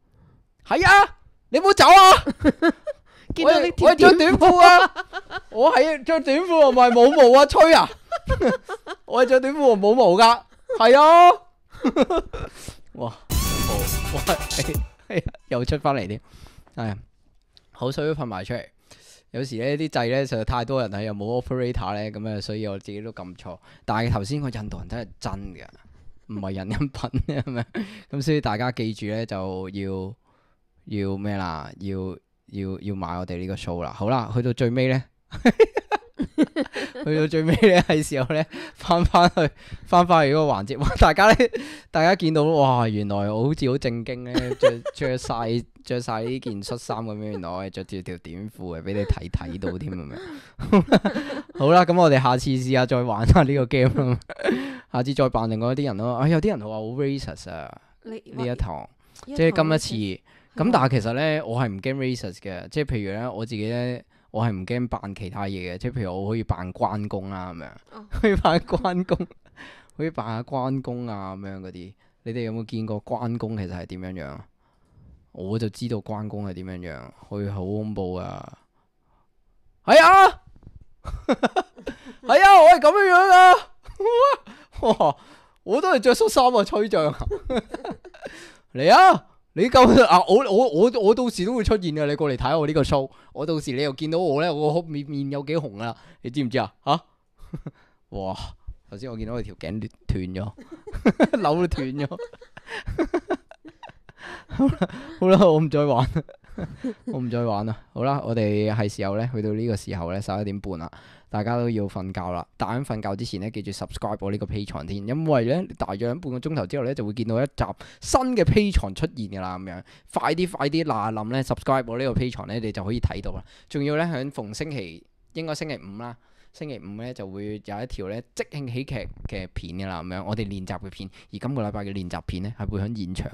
係 啊！你唔好走啊！ 你我我着短褲啊！ 我係着短褲唔係冇毛啊！吹啊！ 我係着短褲冇毛噶。係是啊， 哇，哇，哎哎、又出翻嚟啲，係、哎、口水都噴埋出嚟。有時呢啲掣呢，實在太多人睇又冇 operator 呢。咁啊，所以我自己都撳錯。但係頭先個印度人真係真嘅，唔係人，人品嘅，係咁 所以大家記住呢，就要要咩啦？要要要買我哋呢個 show 啦。好啦，去到最尾呢。 去 到最尾咧，係時候咧翻翻去翻翻去個環節，哇！大家咧，大家見到哇，原來我好似好正經咧，着着晒着晒呢件恤衫咁樣，原來我係着住條短褲嘅，俾你睇睇到添咁咪，是是 好啦，咁我哋下次試下再玩下呢個 game 下次再扮另外一啲人咯。哎、啊，有啲人話好 racist 啊，呢你一堂喂即係今一次，咁但係其實咧， 我係唔驚 racist 嘅，即係譬如咧，我自己咧。我係唔驚扮其他嘢嘅，即係譬如我可以扮關公啊咁樣，可以扮關公，可以扮下關公啊咁樣嗰啲。你哋有冇見過關公？其實係點樣樣？我就知道關公係點樣樣，佢好恐怖啊！係啊，係 啊，我係咁樣樣啊！ 哇，我都係着恤衫啊，吹脹嚟 啊！你夠啊！我我我我到時都會出現㗎！你過嚟睇我呢個 show，我到時你又見到我咧，我面面有幾紅啊！你知唔知啊？吓？ 哇！頭先我見到我條頸斷咗， 扭到斷咗。 好啦，我唔再玩， 我唔再玩，我唔再玩啦。好啦，我哋係時候咧，去到呢個時候咧，十一點半啦。大家都要瞓覺啦！但喺瞓覺之前呢，記住 subscribe 呢個 P 床添，因為呢，大約半個鐘頭之後呢，就會見到一集新嘅 P 床出現噶啦咁樣。快啲快啲嗱諗呢 subscribe 呢個 P 床呢，你就可以睇到啦。仲要呢，喺逢星期應該星期五啦，星期五呢就會有一條呢即興喜劇嘅片噶啦咁樣。我哋練習嘅片，而今個禮拜嘅練習片呢，係會喺現場，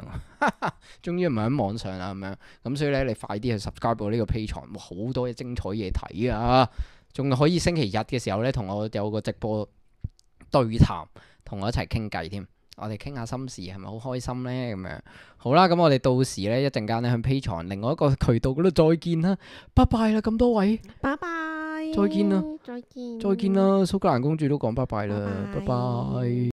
終於唔係喺網上啦咁樣。咁所以呢，你快啲去 subscribe 呢個 P 床，好多精彩嘢睇啊！仲可以星期日嘅時候咧，同我有個直播對談，同我一齊傾偈添。我哋傾下心事，係咪好開心呢？咁樣好啦，咁我哋到時咧一陣間咧向 Patreon 另外一個渠道嗰度再見啦。拜拜啦，咁多位，拜拜，再見啦，bye bye 啦，再見，再見啦，蘇格蘭公主都講拜拜啦，拜拜。